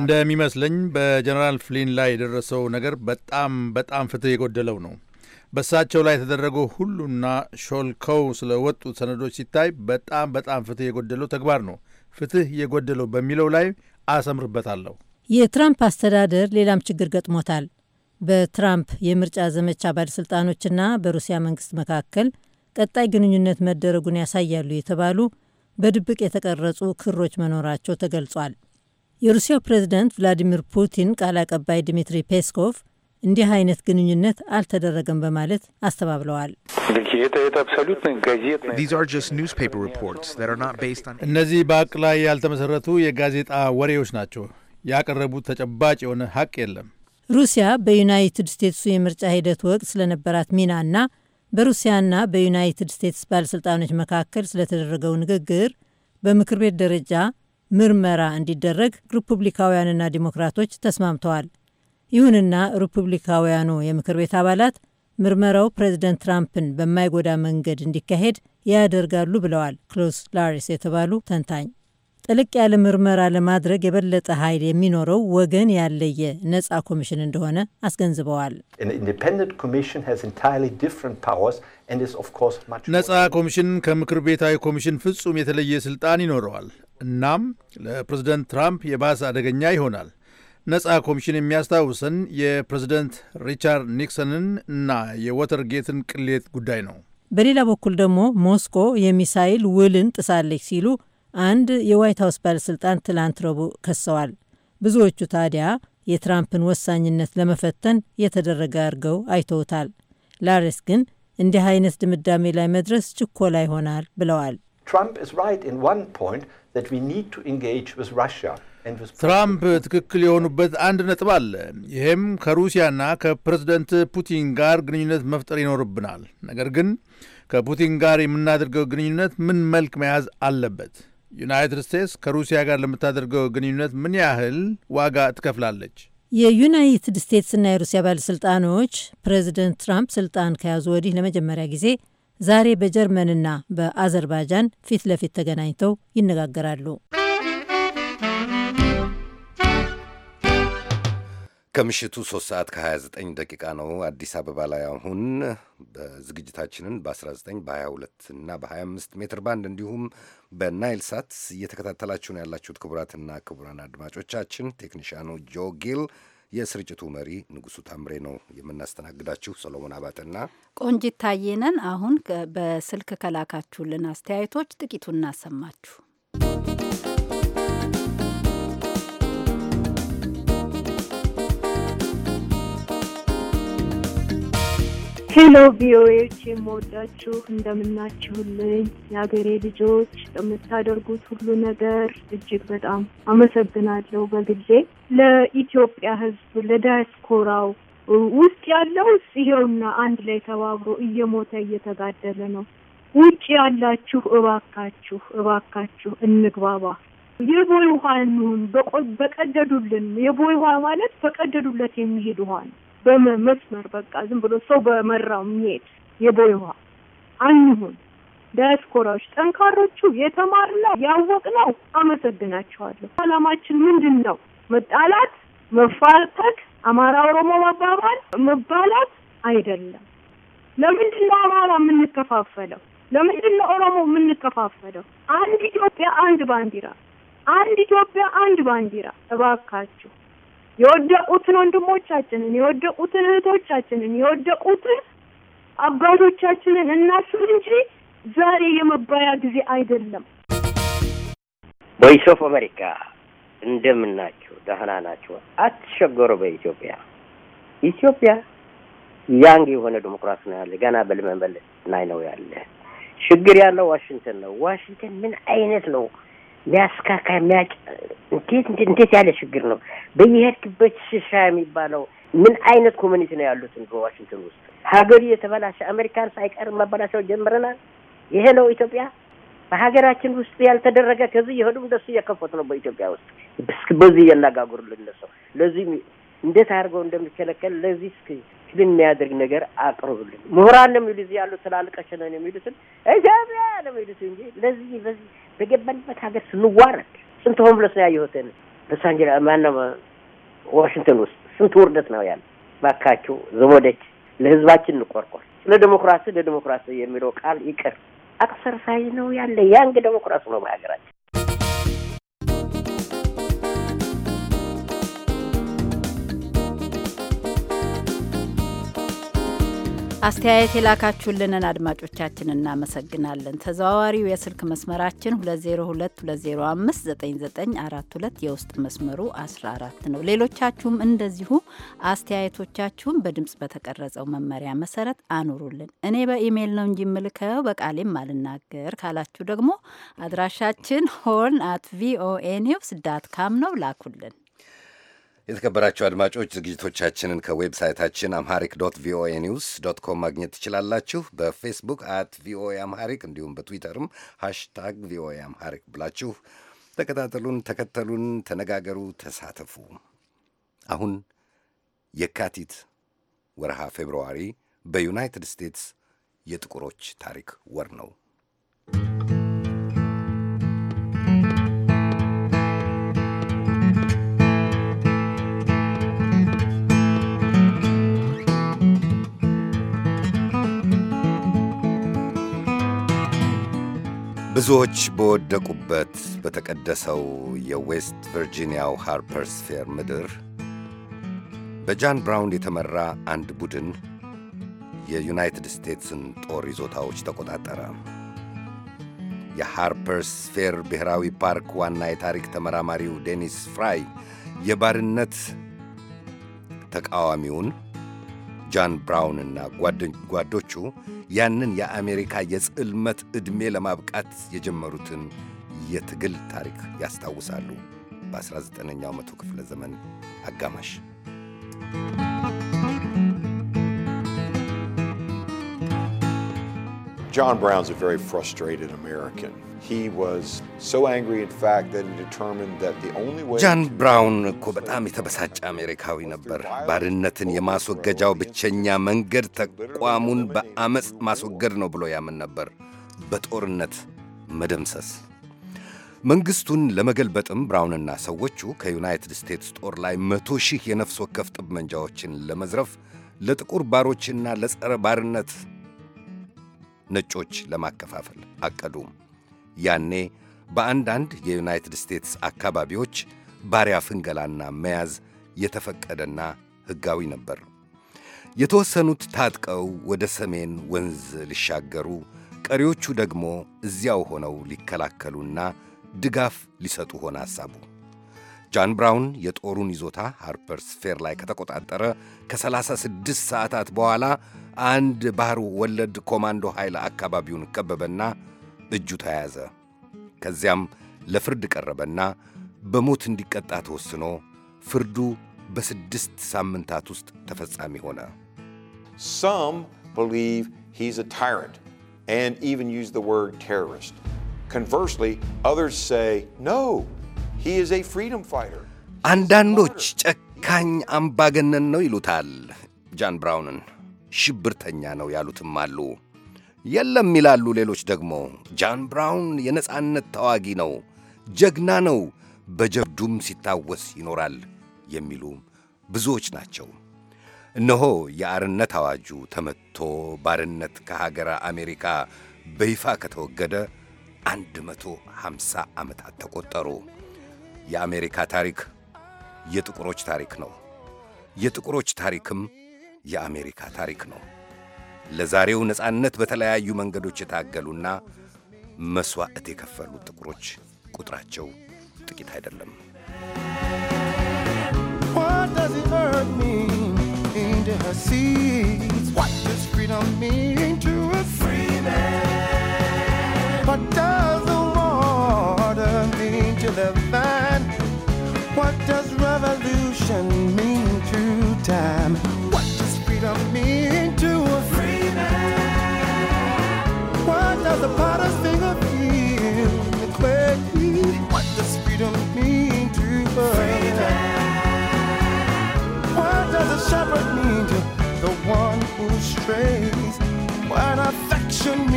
እንደሚመስለኝ በጀነራል ፍሊን ላይ የደረሰው ነገር በጣም በጣም ፍትህ የጎደለው ነው። በእሳቸው ላይ የተደረገው ሁሉና ሾልከው ስለወጡ ሰነዶች ሲታይ በጣም በጣም ፍትህ የጎደለው ተግባር ነው። ፍትህ የጎደለው በሚለው ላይ አሰምርበታለሁ። የትራምፕ አስተዳደር ሌላም ችግር ገጥሞታል። በትራምፕ የምርጫ ዘመቻ ባለሥልጣኖችና በሩሲያ መንግስት መካከል ቀጣይ ግንኙነት መደረጉን ያሳያሉ የተባሉ በድብቅ የተቀረጹ ክሮች መኖራቸው ተገልጿል። የሩሲያው ፕሬዝደንት ቭላዲሚር ፑቲን ቃል አቀባይ ድሚትሪ ፔስኮቭ እንዲህ አይነት ግንኙነት አልተደረገም በማለት አስተባብለዋል። እነዚህ በሀቅ ላይ ያልተመሰረቱ የጋዜጣ ወሬዎች ናቸው። ያቀረቡት ተጨባጭ የሆነ ሀቅ የለም። ሩሲያ በዩናይትድ ስቴትሱ የምርጫ ሂደት ወቅት ስለነበራት ሚናና በሩሲያና በዩናይትድ ስቴትስ ባለሥልጣኖች መካከል ስለተደረገው ንግግር በምክር ቤት ደረጃ ምርመራ እንዲደረግ ሪፑብሊካውያንና ዲሞክራቶች ተስማምተዋል። ይሁንና ሪፑብሊካውያኑ የምክር ቤት አባላት ምርመራው ፕሬዚደንት ትራምፕን በማይጎዳ መንገድ እንዲካሄድ ያደርጋሉ ብለዋል ክሎስ ላሪስ የተባሉ ተንታኝ። ጥልቅ ያለ ምርመራ ለማድረግ የበለጠ ኃይል የሚኖረው ወገን ያለየ ነጻ ኮሚሽን እንደሆነ አስገንዝበዋል። ነጻ ኮሚሽን ከምክር ቤታዊ ኮሚሽን ፍጹም የተለየ ስልጣን ይኖረዋል። እናም ለፕሬዝደንት ትራምፕ የባሰ አደገኛ ይሆናል። ነጻ ኮሚሽን የሚያስታውሰን የፕሬዝደንት ሪቻርድ ኒክሰንን እና የወተርጌትን ቅሌት ጉዳይ ነው። በሌላ በኩል ደግሞ ሞስኮ የሚሳይል ውልን ጥሳለች ሲሉ አንድ የዋይት ሀውስ ባለሥልጣን ትላንት ረቡዕ ከሰዋል። ብዙዎቹ ታዲያ የትራምፕን ወሳኝነት ለመፈተን የተደረገ አድርገው አይተውታል። ላሬስ ግን እንዲህ አይነት ድምዳሜ ላይ መድረስ ችኮላ ይሆናል ብለዋል። ትራምፕ ትክክል የሆኑበት አንድ ነጥብ አለ። ይህም ከሩሲያና ከፕሬዝደንት ፑቲን ጋር ግንኙነት መፍጠር ይኖርብናል። ነገር ግን ከፑቲን ጋር የምናደርገው ግንኙነት ምን መልክ መያዝ አለበት? ዩናይትድ ስቴትስ ከሩሲያ ጋር ለምታደርገው ግንኙነት ምን ያህል ዋጋ ትከፍላለች? የዩናይትድ ስቴትስና የሩሲያ ባለሥልጣኖች ፕሬዚደንት ትራምፕ ስልጣን ከያዙ ወዲህ ለመጀመሪያ ጊዜ ዛሬ በጀርመንና በአዘርባጃን ፊት ለፊት ተገናኝተው ይነጋገራሉ። ከምሽቱ 3 ሰዓት ከ29 ደቂቃ ነው አዲስ አበባ ላይ። አሁን በዝግጅታችንን በ19 በ22 እና በ25 ሜትር ባንድ እንዲሁም በናይል ሳት እየተከታተላችሁ ነው ያላችሁት ክቡራትና ክቡራን አድማጮቻችን። ቴክኒሽያኑ ጆ ጊል፣ የስርጭቱ መሪ ንጉሱ ታምሬ ነው የምናስተናግዳችሁ። ሰሎሞን አባተና ቆንጂት ታየነን። አሁን በስልክ ከላካችሁልን አስተያየቶች ጥቂቱን እናሰማችሁ። ሄሎ ቪኦኤዎች የምወዳችሁ እንደምናችሁልኝ የሀገሬ ልጆች ለምታደርጉት ሁሉ ነገር እጅግ በጣም አመሰግናለሁ። በግሌ ለኢትዮጵያ ሕዝብ ለዳያስፖራው ውስጥ ያለው ይኸውና አንድ ላይ ተባብሮ እየሞተ እየተጋደለ ነው። ውጭ ያላችሁ እባካችሁ እባካችሁ እንግባባ። የቦይ ውሃ እንሁን። በቀደዱልን የቦይ ውሃ ማለት በቀደዱለት የሚሄድ ውሃ ነው። በመስመር በቃ ዝም ብሎ ሰው በመራው የሚሄድ የቦይ ውሃ አንሁን። ዲያስፖራዎች ጠንካሮቹ የተማርነው ያወቅነው አመሰግናቸዋለሁ። አላማችን ምንድን ነው? መጣላት፣ መፋተት፣ አማራ ኦሮሞ መባባል፣ መባላት አይደለም። ለምንድን ነው አማራ የምንከፋፈለው? ለምንድን ነው ኦሮሞ የምንከፋፈለው? አንድ ኢትዮጵያ፣ አንድ ባንዲራ። አንድ ኢትዮጵያ፣ አንድ ባንዲራ። እባካችሁ የወደቁትን ወንድሞቻችንን፣ የወደቁትን እህቶቻችንን፣ የወደቁትን አባቶቻችንን እናስብ እንጂ ዛሬ የመባያ ጊዜ አይደለም። ቮይስ ኦፍ አሜሪካ ናችሁ? ደህና ናችሁ? አትሸገሩ። በኢትዮጵያ ኢትዮጵያ ያንግ የሆነ ዲሞክራሲ ነው ያለ ገና በልመንበል ላይ ነው ያለ። ችግር ያለው ዋሽንግተን ነው። ዋሽንግተን ምን አይነት ነው ሊያስካካ የሚያጭ እንዴት እንዴት ያለ ችግር ነው። በየሄድክበት ሽሻ የሚባለው ምን አይነት ኮሚኒቲ ነው ያሉት በዋሽንግተን ውስጥ ሀገሩ የተበላሸ አሜሪካን ሳይቀር መበላሸው ጀምረናል። ይሄ ነው ኢትዮጵያ በሀገራችን ውስጥ ያልተደረገ ከዚህ የሆኑ እንደሱ እየከፈቱ ነው። በኢትዮጵያ ውስጥ በዚህ እያናጋጉሩ ልነሰው ለዚህ እንዴት አድርገው እንደሚከለከል ለዚህ እስኪ ምን የሚያደርግ ነገር አቅርብልን። ምሁራን ነው የሚሉ እዚህ ያሉ ትላልቆች ነው የሚሉትን ኢትዮጵያ ነው የሚሉት እንጂ ለዚህ በዚህ በገባንበት ሀገር ስንዋረድ ስንት ሆምለስ ነው ያየሁትን ሎስ ማነው ዋሽንግተን ውስጥ ስንት ውርደት ነው ያለ። ባካችሁ ዘመዶች፣ ለህዝባችን እንቆርቆር። ስለ ዴሞክራሲ ለዴሞክራሲ የሚለው ቃል ይቅር። አክሰርሳይዝ ነው ያለ። ያንግ ዲሞክራሲ ነው በሀገራችን። አስተያየት የላካችሁልንን አድማጮቻችን እናመሰግናለን። ተዘዋዋሪው የስልክ መስመራችን 2022059942 የውስጥ መስመሩ 14 ነው። ሌሎቻችሁም እንደዚሁ አስተያየቶቻችሁን በድምፅ በተቀረጸው መመሪያ መሰረት አኑሩልን። እኔ በኢሜይል ነው እንጂ ምልከው በቃሌም አልናገር ካላችሁ ደግሞ አድራሻችን ሆርን አት ቪኦኤ ኒውስ ዳት ካም ነው። ላኩልን። የተከበራቸው አድማጮች ዝግጅቶቻችንን ከዌብሳይታችን አምሃሪክ ዶት ቪኦኤ ኒውስ ዶት ኮም ማግኘት ትችላላችሁ። በፌስቡክ አት ቪኦኤ አምሃሪክ እንዲሁም በትዊተርም ሃሽታግ ቪኦኤ አምሃሪክ ብላችሁ ተከታተሉን፣ ተከተሉን፣ ተነጋገሩ፣ ተሳተፉ። አሁን የካቲት ወርሃ ፌብርዋሪ በዩናይትድ ስቴትስ የጥቁሮች ታሪክ ወር ነው። ብዙዎች በወደቁበት በተቀደሰው የዌስት ቨርጂኒያው ሃርፐርስ ፌር ምድር በጃን ብራውን የተመራ አንድ ቡድን የዩናይትድ ስቴትስን ጦር ይዞታዎች ተቆጣጠረ። የሃርፐርስ ፌር ብሔራዊ ፓርክ ዋና የታሪክ ተመራማሪው ዴኒስ ፍራይ የባርነት ተቃዋሚውን ጃን ብራውንና ጓዶቹ ያንን የአሜሪካ የጽልመት ዕድሜ ለማብቃት የጀመሩትን የትግል ታሪክ ያስታውሳሉ። በ19ኛው መቶ ክፍለ ዘመን አጋማሽ John Brown's a very frustrated American. He was so angry, in fact, that he determined that the only way ጃን ብራውን እኮ በጣም የተበሳጨ አሜሪካዊ ነበር። ባርነትን የማስወገጃው ብቸኛ መንገድ ተቋሙን በአመፅ ማስወገድ ነው ብሎ ያምን ነበር፣ በጦርነት መደምሰስ። መንግሥቱን ለመገልበጥም ብራውንና ሰዎቹ ከዩናይትድ ስቴትስ ጦር ላይ መቶ ሺህ የነፍስ ወከፍ ጠመንጃዎችን ለመዝረፍ ለጥቁር ባሮችና ለጸረ ባርነት ነጮች ለማከፋፈል አቀዱ። ያኔ በአንዳንድ የዩናይትድ ስቴትስ አካባቢዎች ባሪያ ፍንገላና መያዝ የተፈቀደና ሕጋዊ ነበር። የተወሰኑት ታጥቀው ወደ ሰሜን ወንዝ ሊሻገሩ፣ ቀሪዎቹ ደግሞ እዚያው ሆነው ሊከላከሉና ድጋፍ ሊሰጡ ሆነ ሐሳቡ። ጃን ብራውን የጦሩን ይዞታ ሃርፐርስ ፌር ላይ ከተቆጣጠረ ከ36 ሰዓታት በኋላ አንድ ባህር ወለድ ኮማንዶ ኃይል አካባቢውን ከበበና እጁ ተያዘ። ከዚያም ለፍርድ ቀረበና በሞት እንዲቀጣ ተወስኖ ፍርዱ በስድስት ሳምንታት ውስጥ ተፈጻሚ ሆነ። አንዳንዶች ጨካኝ አምባገነን ነው ይሉታል ጃን ብራውንን ሽብርተኛ ነው ያሉትም አሉ። የለም ይላሉ ሌሎች ደግሞ። ጃን ብራውን የነጻነት ተዋጊ ነው፣ ጀግና ነው፣ በጀብዱም ሲታወስ ይኖራል የሚሉ ብዙዎች ናቸው። እነሆ የአርነት አዋጁ ተመትቶ ባርነት ከሀገር አሜሪካ በይፋ ከተወገደ 150 ዓመታት ተቆጠሩ። የአሜሪካ ታሪክ የጥቁሮች ታሪክ ነው። የጥቁሮች ታሪክም የአሜሪካ ታሪክ ነው። ለዛሬው ነጻነት በተለያዩ መንገዶች የታገሉና መሥዋዕት የከፈሉ ጥቁሮች ቁጥራቸው ጥቂት አይደለም። What does revolution mean to time?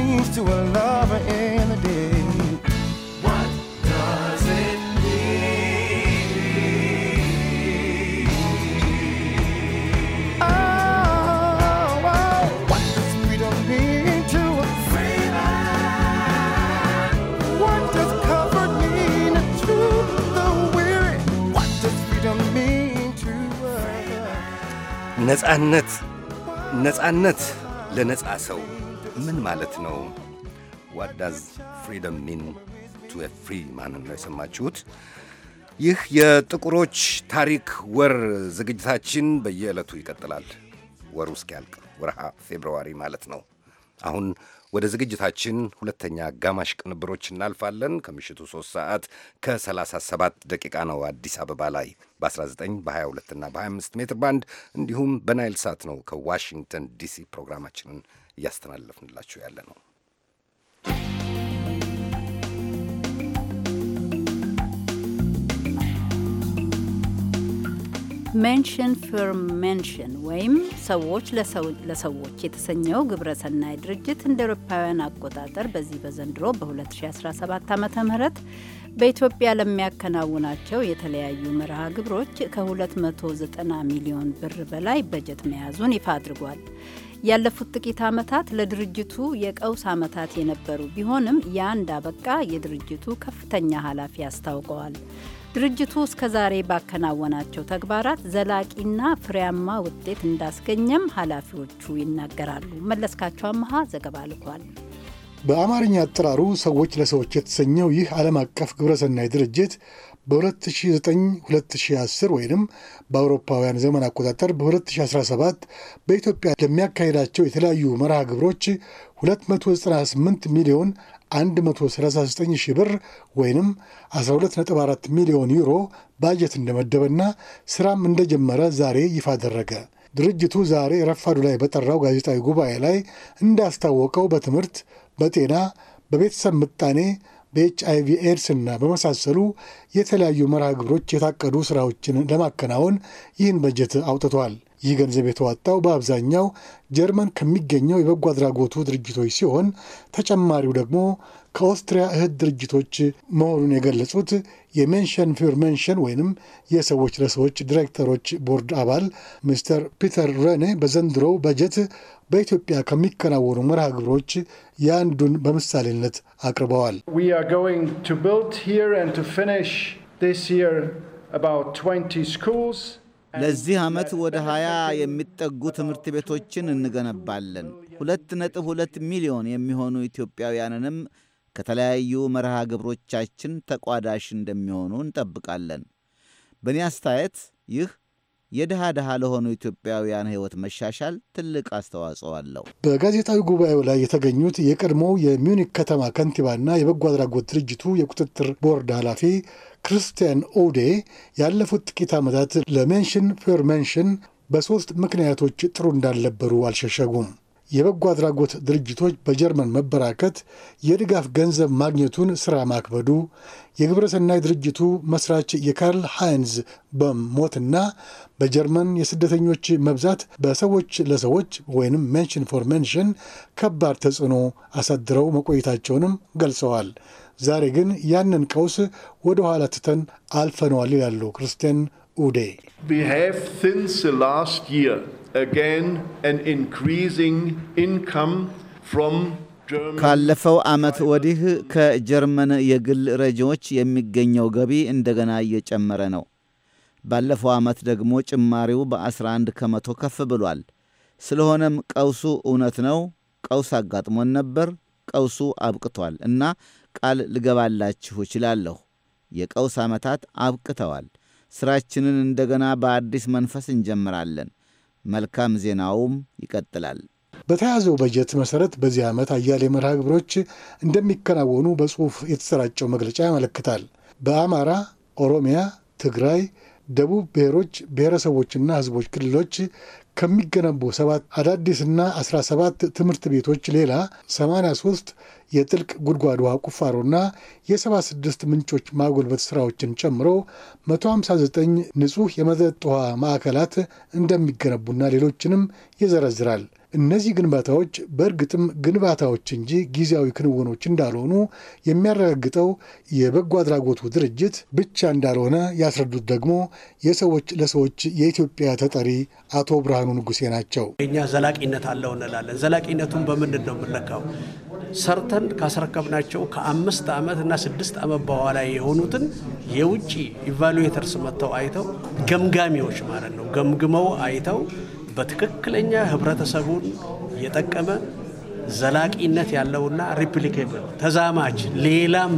means to a lover in the day. What does it mean? Oh, oh, oh. what does freedom mean to a freedom? What does comfort mean to the weary? What does freedom mean to a? ነጻነት ነጻነት ለነጻ ሰው ማለት ነው። ዋዳዝ ፍሪደም ሚን ቱ ፍሪ ማን ነው የሰማችሁት? ይህ የጥቁሮች ታሪክ ወር ዝግጅታችን በየዕለቱ ይቀጥላል። ወሩ እስኪያልቅ ወርሃ ፌብርዋሪ ማለት ነው። አሁን ወደ ዝግጅታችን ሁለተኛ አጋማሽ ቅንብሮች እናልፋለን። ከምሽቱ 3 ሰዓት ከ37 ደቂቃ ነው አዲስ አበባ ላይ በ19 በ22 እና በ25 ሜትር ባንድ እንዲሁም በናይል ሳት ነው ከዋሽንግተን ዲሲ ፕሮግራማችንን እያስተላለፍንላችሁ ያለ ነው። ሜንሽን ፎር ሜንሽን ወይም ሰዎች ለሰዎች የተሰኘው ግብረሰናይ ድርጅት እንደ አውሮፓውያን አቆጣጠር በዚህ በዘንድሮ በ2017 ዓ ም በኢትዮጵያ ለሚያከናውናቸው የተለያዩ መርሃ ግብሮች ከ290 ሚሊዮን ብር በላይ በጀት መያዙን ይፋ አድርጓል። ያለፉት ጥቂት ዓመታት ለድርጅቱ የቀውስ ዓመታት የነበሩ ቢሆንም ያ እንዳበቃ የድርጅቱ ከፍተኛ ኃላፊ አስታውቀዋል። ድርጅቱ እስከ ዛሬ ባከናወናቸው ተግባራት ዘላቂና ፍሬያማ ውጤት እንዳስገኘም ኃላፊዎቹ ይናገራሉ። መለስካቸው አመሃ ዘገባ ልኳል። በአማርኛ አጠራሩ ሰዎች ለሰዎች የተሰኘው ይህ ዓለም አቀፍ ግብረሰናይ ድርጅት በ2009-2010 ወይም በአውሮፓውያን ዘመን አቆጣጠር በ2017 በኢትዮጵያ ለሚያካሄዳቸው የተለያዩ መርሃ ግብሮች 298 ሚሊዮን 139 ሺህ ብር ወይም 12.4 ሚሊዮን ዩሮ ባጀት እንደመደበና ስራም እንደጀመረ ዛሬ ይፋ አደረገ። ድርጅቱ ዛሬ ረፋዱ ላይ በጠራው ጋዜጣዊ ጉባኤ ላይ እንዳስታወቀው በትምህርት በጤና በቤተሰብ ምጣኔ በኤች ኤድስ እና በመሳሰሉ የተለያዩ መርሃ ግብሮች የታቀዱ ስራዎችን ለማከናወን ይህን በጀት አውጥቷል። ይህ ገንዘብ የተዋጣው በአብዛኛው ጀርመን ከሚገኘው የበጎ አድራጎቱ ድርጅቶች ሲሆን ተጨማሪው ደግሞ ከኦስትሪያ እህት ድርጅቶች መሆኑን የገለጹት የሜንሽን ፊር ሜንሽን ወይንም የሰዎች ለሰዎች ዲሬክተሮች ቦርድ አባል ሚስተር ፒተር ረኔ በዘንድሮው በጀት በኢትዮጵያ ከሚከናወኑ መርሃ ግብሮች የአንዱን በምሳሌነት አቅርበዋል። ለዚህ ዓመት ወደ 20 የሚጠጉ ትምህርት ቤቶችን እንገነባለን። ሁለት ነጥብ ሁለት ሚሊዮን የሚሆኑ ኢትዮጵያውያንንም ከተለያዩ መርሃ ግብሮቻችን ተቋዳሽ እንደሚሆኑ እንጠብቃለን። በእኔ አስተያየት ይህ የድሃ ድሃ ለሆኑ ኢትዮጵያውያን ሕይወት መሻሻል ትልቅ አስተዋጽኦ አለው። በጋዜጣዊ ጉባኤው ላይ የተገኙት የቀድሞው የሚዩኒክ ከተማ ከንቲባና የበጎ አድራጎት ድርጅቱ የቁጥጥር ቦርድ ኃላፊ ክርስቲያን ኦዴ ያለፉት ጥቂት ዓመታት ለሜንሽን ፎር ሜንሽን በሦስት ምክንያቶች ጥሩ እንዳልነበሩ አልሸሸጉም። የበጎ አድራጎት ድርጅቶች በጀርመን መበራከት የድጋፍ ገንዘብ ማግኘቱን ሥራ ማክበዱ፣ የግብረሰናይ ድርጅቱ መስራች የካርል ሃይንዝ በሞትና በጀርመን የስደተኞች መብዛት በሰዎች ለሰዎች ወይም ሜንሽን ፎር ሜንሽን ከባድ ተጽዕኖ አሳድረው መቆየታቸውንም ገልጸዋል። ዛሬ ግን ያንን ቀውስ ወደ ኋላ ትተን አልፈነዋል ይላሉ ክርስቲያን ኡዴ again an increasing income from ካለፈው ዓመት ወዲህ ከጀርመን የግል ረጂዎች የሚገኘው ገቢ እንደገና እየጨመረ ነው። ባለፈው ዓመት ደግሞ ጭማሪው በ11 ከመቶ ከፍ ብሏል። ስለሆነም ቀውሱ እውነት ነው። ቀውስ አጋጥሞን ነበር። ቀውሱ አብቅቷል እና ቃል ልገባላችሁ እችላለሁ፣ የቀውስ ዓመታት አብቅተዋል። ሥራችንን እንደገና በአዲስ መንፈስ እንጀምራለን። መልካም ዜናውም ይቀጥላል። በተያዘው በጀት መሰረት በዚህ ዓመት አያሌ መርሃ ግብሮች እንደሚከናወኑ በጽሑፍ የተሰራጨው መግለጫ ያመለክታል። በአማራ፣ ኦሮሚያ፣ ትግራይ፣ ደቡብ ብሔሮች ብሔረሰቦችና ህዝቦች ክልሎች ከሚገነቡ ሰባት አዳዲስና 17 ትምህርት ቤቶች ሌላ 83 የጥልቅ ጉድጓድ ውሃ ቁፋሮና የ76 ምንጮች ማጎልበት ስራዎችን ጨምሮ 159 ንጹህ የመጠጥ ውሃ ማዕከላት እንደሚገነቡና ሌሎችንም ይዘረዝራል። እነዚህ ግንባታዎች በእርግጥም ግንባታዎች እንጂ ጊዜያዊ ክንውኖች እንዳልሆኑ የሚያረጋግጠው የበጎ አድራጎቱ ድርጅት ብቻ እንዳልሆነ ያስረዱት ደግሞ የሰዎች ለሰዎች የኢትዮጵያ ተጠሪ አቶ ብርሃኑ ንጉሴ ናቸው። እኛ ዘላቂነት አለው እንላለን። ዘላቂነቱን በምንድን ነው የምንለካው? ሰርተን ካስረከብናቸው ከአምስት ዓመት እና ስድስት ዓመት በኋላ የሆኑትን የውጭ ኢቫሉዌተርስ መጥተው አይተው ገምጋሚዎች ማለት ነው ገምግመው አይተው በትክክለኛ ህብረተሰቡን የጠቀመ ዘላቂነት ያለውና ሪፕሊኬብል ተዛማች ሌላም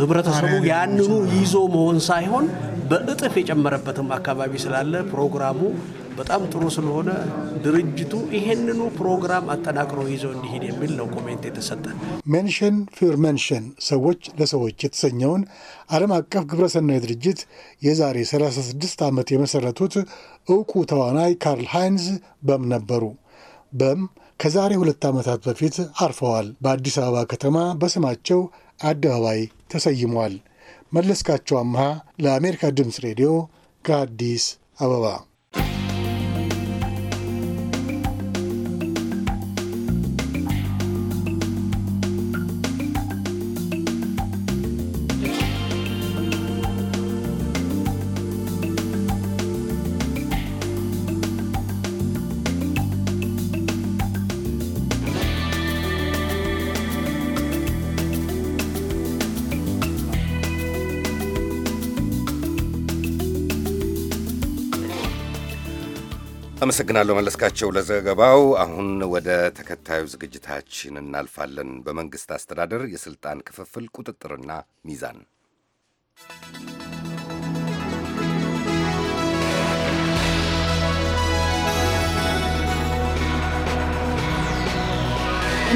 ህብረተሰቡ ያንኑ ይዞ መሆን ሳይሆን በእጥፍ የጨመረበትም አካባቢ ስላለ ፕሮግራሙ በጣም ጥሩ ስለሆነ ድርጅቱ ይሄንኑ ፕሮግራም አጠናክሮ ይዞ እንዲሄድ የሚል ነው ኮሜንት የተሰጠ። ሜንሽን ፊር ሜንሽን ሰዎች ለሰዎች የተሰኘውን ዓለም አቀፍ ግብረሰናይ ድርጅት የዛሬ 36 ዓመት የመሰረቱት እውቁ ተዋናይ ካርል ሃይንዝ በም ነበሩ። በም ከዛሬ ሁለት ዓመታት በፊት አርፈዋል። በአዲስ አበባ ከተማ በስማቸው አደባባይ ተሰይሟል። መለስካቸው አምሃ ለአሜሪካ ድምፅ ሬዲዮ ከአዲስ አበባ አመሰግናለሁ መለስካቸው ለዘገባው። አሁን ወደ ተከታዩ ዝግጅታችን እናልፋለን። በመንግስት አስተዳደር የስልጣን ክፍፍል ቁጥጥርና ሚዛን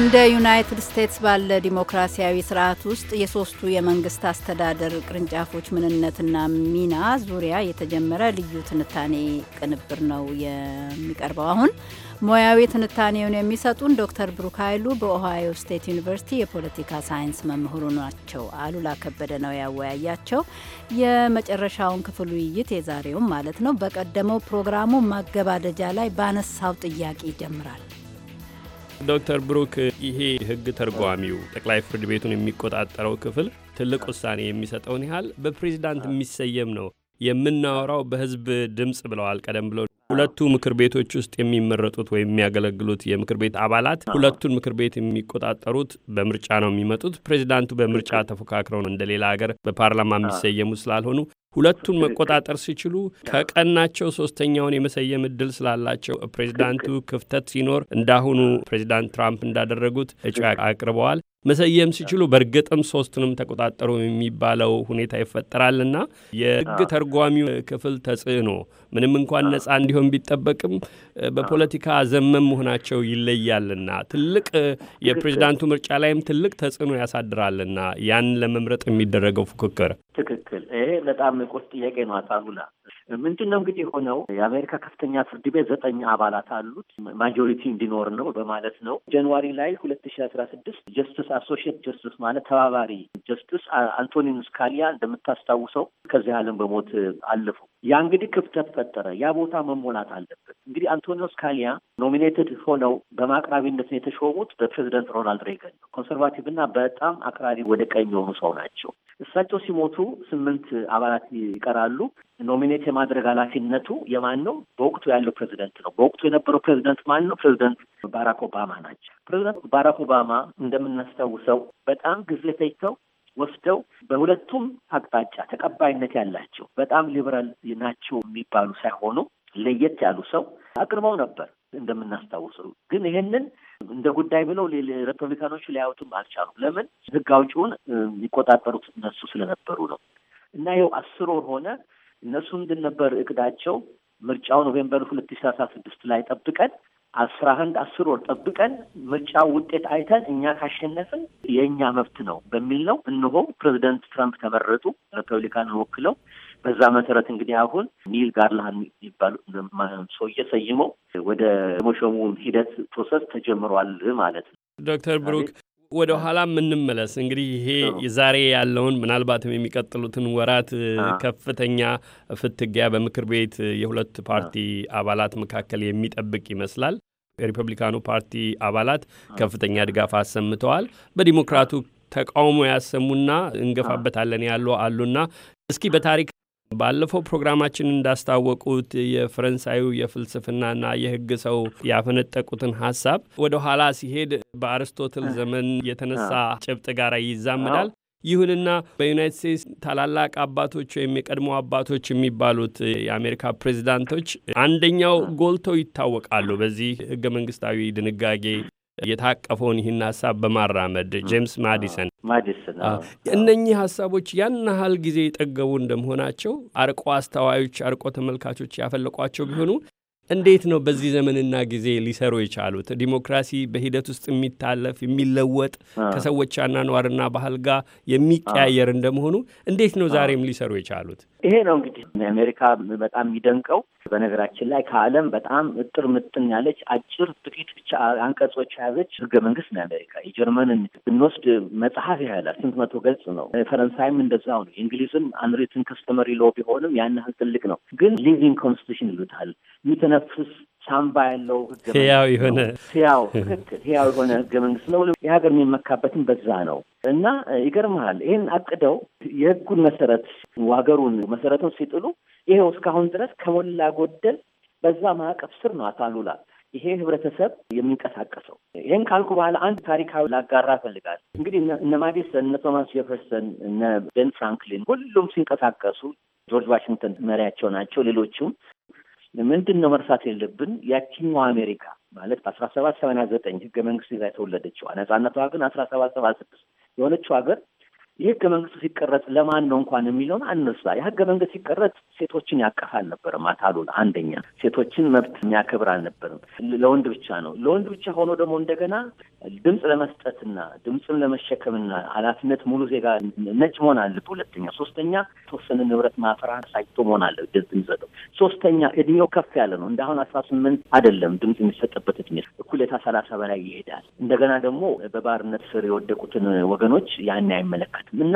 እንደ ዩናይትድ ስቴትስ ባለ ዲሞክራሲያዊ ስርዓት ውስጥ የሶስቱ የመንግስት አስተዳደር ቅርንጫፎች ምንነትና ሚና ዙሪያ የተጀመረ ልዩ ትንታኔ ቅንብር ነው የሚቀርበው። አሁን ሙያዊ ትንታኔውን የሚሰጡን ዶክተር ብሩክ ኃይሉ በኦሃዮ ስቴት ዩኒቨርሲቲ የፖለቲካ ሳይንስ መምህሩ ናቸው። አሉላ ከበደ ነው ያወያያቸው። የመጨረሻውን ክፍል ውይይት የዛሬውም ማለት ነው በቀደመው ፕሮግራሙ ማገባደጃ ላይ ባነሳው ጥያቄ ይጀምራል። ዶክተር ብሩክ ይሄ ህግ ተርጓሚው ጠቅላይ ፍርድ ቤቱን የሚቆጣጠረው ክፍል ትልቅ ውሳኔ የሚሰጠውን ያህል በፕሬዚዳንት የሚሰየም ነው የምናወራው በህዝብ ድምፅ ብለዋል። ቀደም ብሎ ሁለቱ ምክር ቤቶች ውስጥ የሚመረጡት ወይም የሚያገለግሉት የምክር ቤት አባላት ሁለቱን ምክር ቤት የሚቆጣጠሩት በምርጫ ነው የሚመጡት። ፕሬዚዳንቱ በምርጫ ተፎካክረው እንደ ሌላ ሀገር በፓርላማ የሚሰየሙ ስላልሆኑ ሁለቱን መቆጣጠር ሲችሉ ከቀናቸው ሶስተኛውን የመሰየም እድል ስላላቸው ፕሬዚዳንቱ ክፍተት ሲኖር እንዳሁኑ ፕሬዚዳንት ትራምፕ እንዳደረጉት እጩ አቅርበዋል። መሰየም ሲችሉ በእርግጥም ሶስቱንም ተቆጣጠሩ የሚባለው ሁኔታ ይፈጠራልና የህግ ተርጓሚው ክፍል ተጽዕኖ ምንም እንኳን ነጻ እንዲሆን ቢጠበቅም በፖለቲካ ዘመን መሆናቸው ይለያልና ትልቅ የፕሬዚዳንቱ ምርጫ ላይም ትልቅ ተጽዕኖ ያሳድራልና ያን ለመምረጥ የሚደረገው ፉክክር ትክክል። ይሄ በጣም ቁስ ጥያቄ ነው አሉላ ምንድን ነው እንግዲህ የሆነው የአሜሪካ ከፍተኛ ፍርድ ቤት ዘጠኝ አባላት አሉት። ማጆሪቲ እንዲኖር ነው በማለት ነው። ጃንዋሪ ላይ ሁለት ሺ አስራ ስድስት ጀስትስ አሶሺየት ጀስትስ ማለት ተባባሪ ጀስትስ አንቶኒን ስካሊያ እንደምታስታውሰው ከዚህ ዓለም በሞት አለፉ። ያ እንግዲህ ክፍተት ፈጠረ። ያ ቦታ መሞላት አለበት። እንግዲህ አንቶኒዮስ ካሊያ ኖሚኔትድ ሆነው በማቅራቢነት የተሾሙት በፕሬዚደንት ሮናልድ ሬገን ነው። ኮንሰርቫቲቭ እና በጣም አክራሪ ወደ ቀኝ የሆኑ ሰው ናቸው። እሳቸው ሲሞቱ ስምንት አባላት ይቀራሉ። ኖሚኔት የማድረግ ኃላፊነቱ የማን ነው? በወቅቱ ያለው ፕሬዚደንት ነው። በወቅቱ የነበረው ፕሬዚደንት ማን ነው? ፕሬዚደንት ባራክ ኦባማ ናቸው። ፕሬዚደንት ባራክ ኦባማ እንደምናስታውሰው በጣም ጊዜ ፈጅተው ወስደው በሁለቱም አቅጣጫ ተቀባይነት ያላቸው በጣም ሊበራል ናቸው የሚባሉ ሳይሆኑ ለየት ያሉ ሰው አቅርበው ነበር እንደምናስታውሰው። ግን ይህንን እንደ ጉዳይ ብለው ሪፐብሊካኖቹ ሊያዩትም አልቻሉም። ለምን? ህግ አውጪውን የሚቆጣጠሩት እነሱ ስለነበሩ ነው። እና ይኸው አስር ወር ሆነ። እነሱ ምንድን ነበር እቅዳቸው? ምርጫው ኖቬምበር ሁለት ሺህ ሰላሳ ስድስት ላይ ጠብቀን አስራ አንድ አስር ወር ጠብቀን ምርጫ ውጤት አይተን እኛ ካሸነፍን የእኛ መብት ነው በሚል ነው። እነሆ ፕሬዚደንት ትራምፕ ተመረጡ ሪፐብሊካን ወክለው። በዛ መሰረት እንግዲህ አሁን ኒል ጋርላሃን የሚባሉ ሰውዬ ሰይመው ወደ መሾሙ ሂደት ፕሮሰስ ተጀምሯል ማለት ነው። ዶክተር ብሩክ ወደ ኋላ የምንመለስ እንግዲህ ይሄ ዛሬ ያለውን ምናልባትም የሚቀጥሉትን ወራት ከፍተኛ ፍትጊያ በምክር ቤት የሁለት ፓርቲ አባላት መካከል የሚጠብቅ ይመስላል። የሪፐብሊካኑ ፓርቲ አባላት ከፍተኛ ድጋፍ አሰምተዋል። በዲሞክራቱ ተቃውሞ ያሰሙና እንገፋበታለን ያሉ አሉና እስኪ በታሪክ ባለፈው ፕሮግራማችን እንዳስታወቁት የፈረንሳዩ የፍልስፍናና የሕግ ሰው ያፈነጠቁትን ሀሳብ ወደ ኋላ ሲሄድ በአርስቶትል ዘመን የተነሳ ጭብጥ ጋር ይዛመዳል። ይሁንና በዩናይት ስቴትስ ታላላቅ አባቶች ወይም የቀድሞ አባቶች የሚባሉት የአሜሪካ ፕሬዚዳንቶች አንደኛው ጎልተው ይታወቃሉ በዚህ ህገ መንግስታዊ ድንጋጌ የታቀፈውን ይህን ሀሳብ በማራመድ ጄምስ ማዲሰን ማዲሰን እነኚህ ሀሳቦች ያን ያህል ጊዜ የጠገቡ እንደመሆናቸው አርቆ አስተዋዮች፣ አርቆ ተመልካቾች ያፈለቋቸው ቢሆኑ እንዴት ነው በዚህ ዘመንና ጊዜ ሊሰሩ የቻሉት? ዲሞክራሲ በሂደት ውስጥ የሚታለፍ የሚለወጥ ከሰዎች አኗኗርና ባህል ጋር የሚቀያየር እንደመሆኑ እንዴት ነው ዛሬም ሊሰሩ የቻሉት? ይሄ ነው እንግዲህ አሜሪካ በጣም የሚደንቀው። በነገራችን ላይ ከዓለም በጣም እጥር ምጥን ያለች አጭር ጥቂት ብቻ አንቀጾች የያዘች ህገ መንግስት ነው አሜሪካ። የጀርመንን ብንወስድ መጽሐፍ ያህላል፣ ስንት መቶ ገጽ ነው። ፈረንሳይም እንደዛው ነው። የእንግሊዝም አንሪትን ከስተመሪ ሎ ቢሆንም ያን ያህል ትልቅ ነው። ግን ሊቪንግ ኮንስቲቱሽን ይሉታል የሚተነፍስ ሳምባ ያለው ህገ የሆነ ያው ትክክል ያው የሆነ ህገ መንግስት ነው። የሀገር የሚመካበትን በዛ ነው እና ይገርመሃል፣ ይህን አቅደው የህጉን መሰረት ሀገሩን መሰረቱን ሲጥሉ ይሄው እስካሁን ድረስ ከሞላ ጎደል በዛ ማዕቀፍ ስር ነው አታሉላ ይሄ ህብረተሰብ የሚንቀሳቀሰው። ይህን ካልኩ በኋላ አንድ ታሪካዊ ላጋራ ፈልጋል። እንግዲህ እነ ማዲሰን፣ እነ ቶማስ ጀፈርሰን፣ እነ ቤን ፍራንክሊን ሁሉም ሲንቀሳቀሱ ጆርጅ ዋሽንግተን መሪያቸው ናቸው። ሌሎችም ምንድን ነው መርሳት የለብን ያቺኛው አሜሪካ ማለት በአስራ ሰባት ሰማንያ ዘጠኝ ህገ መንግስት ይዛ የተወለደችዋ ነጻነቷ ግን አስራ ሰባት ሰባ ስድስት የሆነችው ሀገር የህገ መንግስቱ ሲቀረጽ ለማን ነው እንኳን የሚለውን አንርሳ። የህገ መንግስት ሲቀረጽ ሴቶችን ያቀፍ አልነበረም። አታሉል አንደኛ ሴቶችን መብት የሚያከብር አልነበርም። ለወንድ ብቻ ነው። ለወንድ ብቻ ሆኖ ደግሞ እንደገና ድምፅ ለመስጠትና ድምፅን ለመሸከምና ኃላፊነት ሙሉ ዜጋ ነጭ መሆን አለ። ሁለተኛ ሶስተኛ የተወሰነ ንብረት ማፈራ ሳይቶ መሆን አለ ድምፅ የሚሰጠው። ሶስተኛ እድሜው ከፍ ያለ ነው። እንደ አሁን አስራ ስምንት አይደለም ድምፅ የሚሰጠበት እድሜ እኩሌታ ሰላሳ በላይ ይሄዳል። እንደገና ደግሞ በባርነት ስር የወደቁትን ወገኖች ያን አይመለከትም እና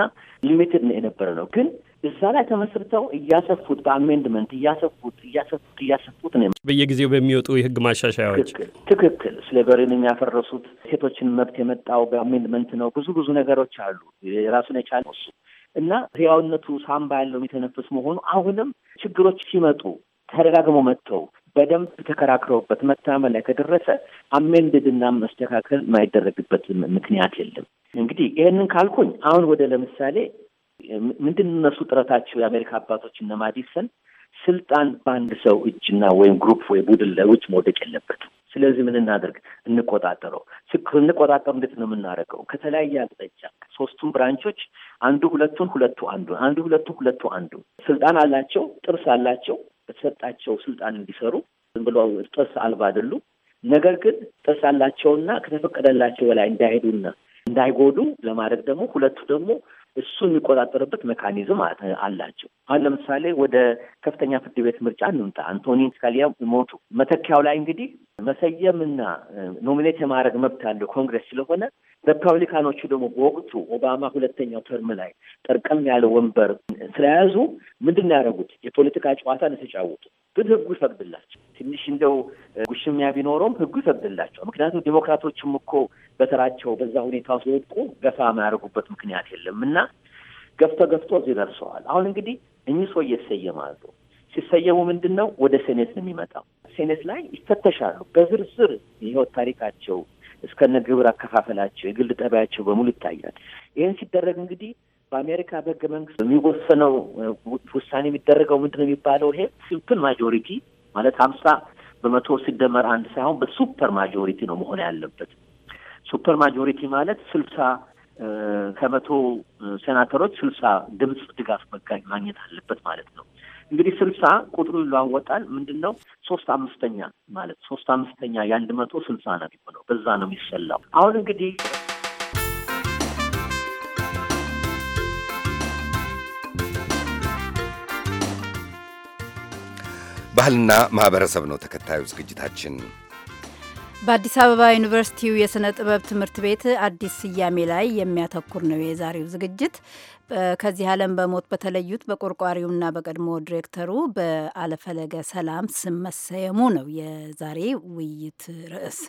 ሊሚትድ የነበረ ነው ግን እዛ ላይ ተመስርተው እያሰፉት በአሜንድመንት እያሰፉት እያሰፉት እያሰፉት ነው። በየጊዜው በሚወጡ የህግ ማሻሻያዎች ትክክል ስሌቨሪንም ያፈረሱት ሴቶችን መብት የመጣው በአሜንድመንት ነው። ብዙ ብዙ ነገሮች አሉ የራሱን የቻለ እሱ እና ህያውነቱ ሳምባ ያለው የሚተነፍስ መሆኑ አሁንም ችግሮች ሲመጡ ተደጋግሞ መጥተው በደንብ ተከራክረውበት መታመን ላይ ከደረሰ አሜንድድና መስተካከል ማይደረግበት ምክንያት የለም። እንግዲህ ይህንን ካልኩኝ አሁን ወደ ለምሳሌ ምንድን እነሱ ጥረታቸው የአሜሪካ አባቶች እነ ማዲሰን ስልጣን በአንድ ሰው እጅና ወይም ግሩፕ ወይ ቡድን ለውጭ መውደቅ የለበት። ስለዚህ ምን እናደርግ? እንቆጣጠረው። እንቆጣጠሩ እንዴት ነው የምናደርገው? ከተለያየ አቅጣጫ ሶስቱም ብራንቾች አንዱ ሁለቱን፣ ሁለቱ አንዱ፣ አንዱ አንዱ ሁለቱ ሁለቱ አንዱ። ስልጣን አላቸው፣ ጥርስ አላቸው። በተሰጣቸው ስልጣን እንዲሰሩ ዝም ብሎ ጥርስ አልባ አይደሉም። ነገር ግን ጥርስ አላቸውና ከተፈቀደላቸው በላይ እንዳይሄዱና እንዳይጎዱ ለማድረግ ደግሞ ሁለቱ ደግሞ እሱ የሚቆጣጠርበት መካኒዝም አላቸው። አሁን ለምሳሌ ወደ ከፍተኛ ፍርድ ቤት ምርጫ እንምጣ። አንቶኒን ስካሊያ ሞቱ። መተኪያው ላይ እንግዲህ መሰየምና ኖሚኔት የማድረግ መብት አለው ኮንግረስ ስለሆነ ሪፐብሊካኖቹ ደግሞ በወቅቱ ኦባማ ሁለተኛው ተርም ላይ ጠርቀም ያለ ወንበር ስለያዙ ምንድን ነው ያደረጉት? የፖለቲካ ጨዋታ ነው የተጫወቱት። ግን ህጉ ይፈቅድላቸው። ትንሽ እንደው ጉሽሚያ ቢኖረውም ህጉ ይፈቅድላቸው። ምክንያቱም ዴሞክራቶችም እኮ በተራቸው በዛ ሁኔታ ውስጥ ገፋ የማያደርጉበት ምክንያት የለም እና ገፍቶ ገፍቶ እዚህ ደርሰዋል። አሁን እንግዲህ እኚህ ሰው እየተሰየማሉ። ሲሰየሙ ምንድን ነው ወደ ሴኔት ነው የሚመጣው። ሴኔት ላይ ይፈተሻሉ በዝርዝር የህይወት ታሪካቸው እስከነ ግብር አከፋፈላቸው፣ የግል ጠባያቸው በሙሉ ይታያል። ይህን ሲደረግ እንግዲህ በአሜሪካ በህገ መንግስት የሚወሰነው ውሳኔ የሚደረገው ምንድን ነው የሚባለው? ይሄ ሲምፕል ማጆሪቲ ማለት ሀምሳ በመቶ ሲደመር አንድ ሳይሆን በሱፐር ማጆሪቲ ነው መሆን ያለበት። ሱፐር ማጆሪቲ ማለት ስልሳ ከመቶ ሴናተሮች ስልሳ ድምፅ ድጋፍ መጋኝ ማግኘት አለበት ማለት ነው። እንግዲህ ስልሳ ቁጥሩ ይለዋወጣል። ምንድን ነው ሶስት አምስተኛ ማለት ሶስት አምስተኛ የአንድ መቶ ስልሳ ነው የሚሆነው። በዛ ነው የሚሰላው አሁን እንግዲህ ባህልና ማህበረሰብ ነው ተከታዩ ዝግጅታችን። በአዲስ አበባ ዩኒቨርሲቲው የሥነ ጥበብ ትምህርት ቤት አዲስ ስያሜ ላይ የሚያተኩር ነው የዛሬው ዝግጅት። ከዚህ ዓለም በሞት በተለዩት በቆርቋሪውና በቀድሞ ዲሬክተሩ በአለፈለገ ሰላም ስም መሰየሙ ነው የዛሬ ውይይት ርዕስ።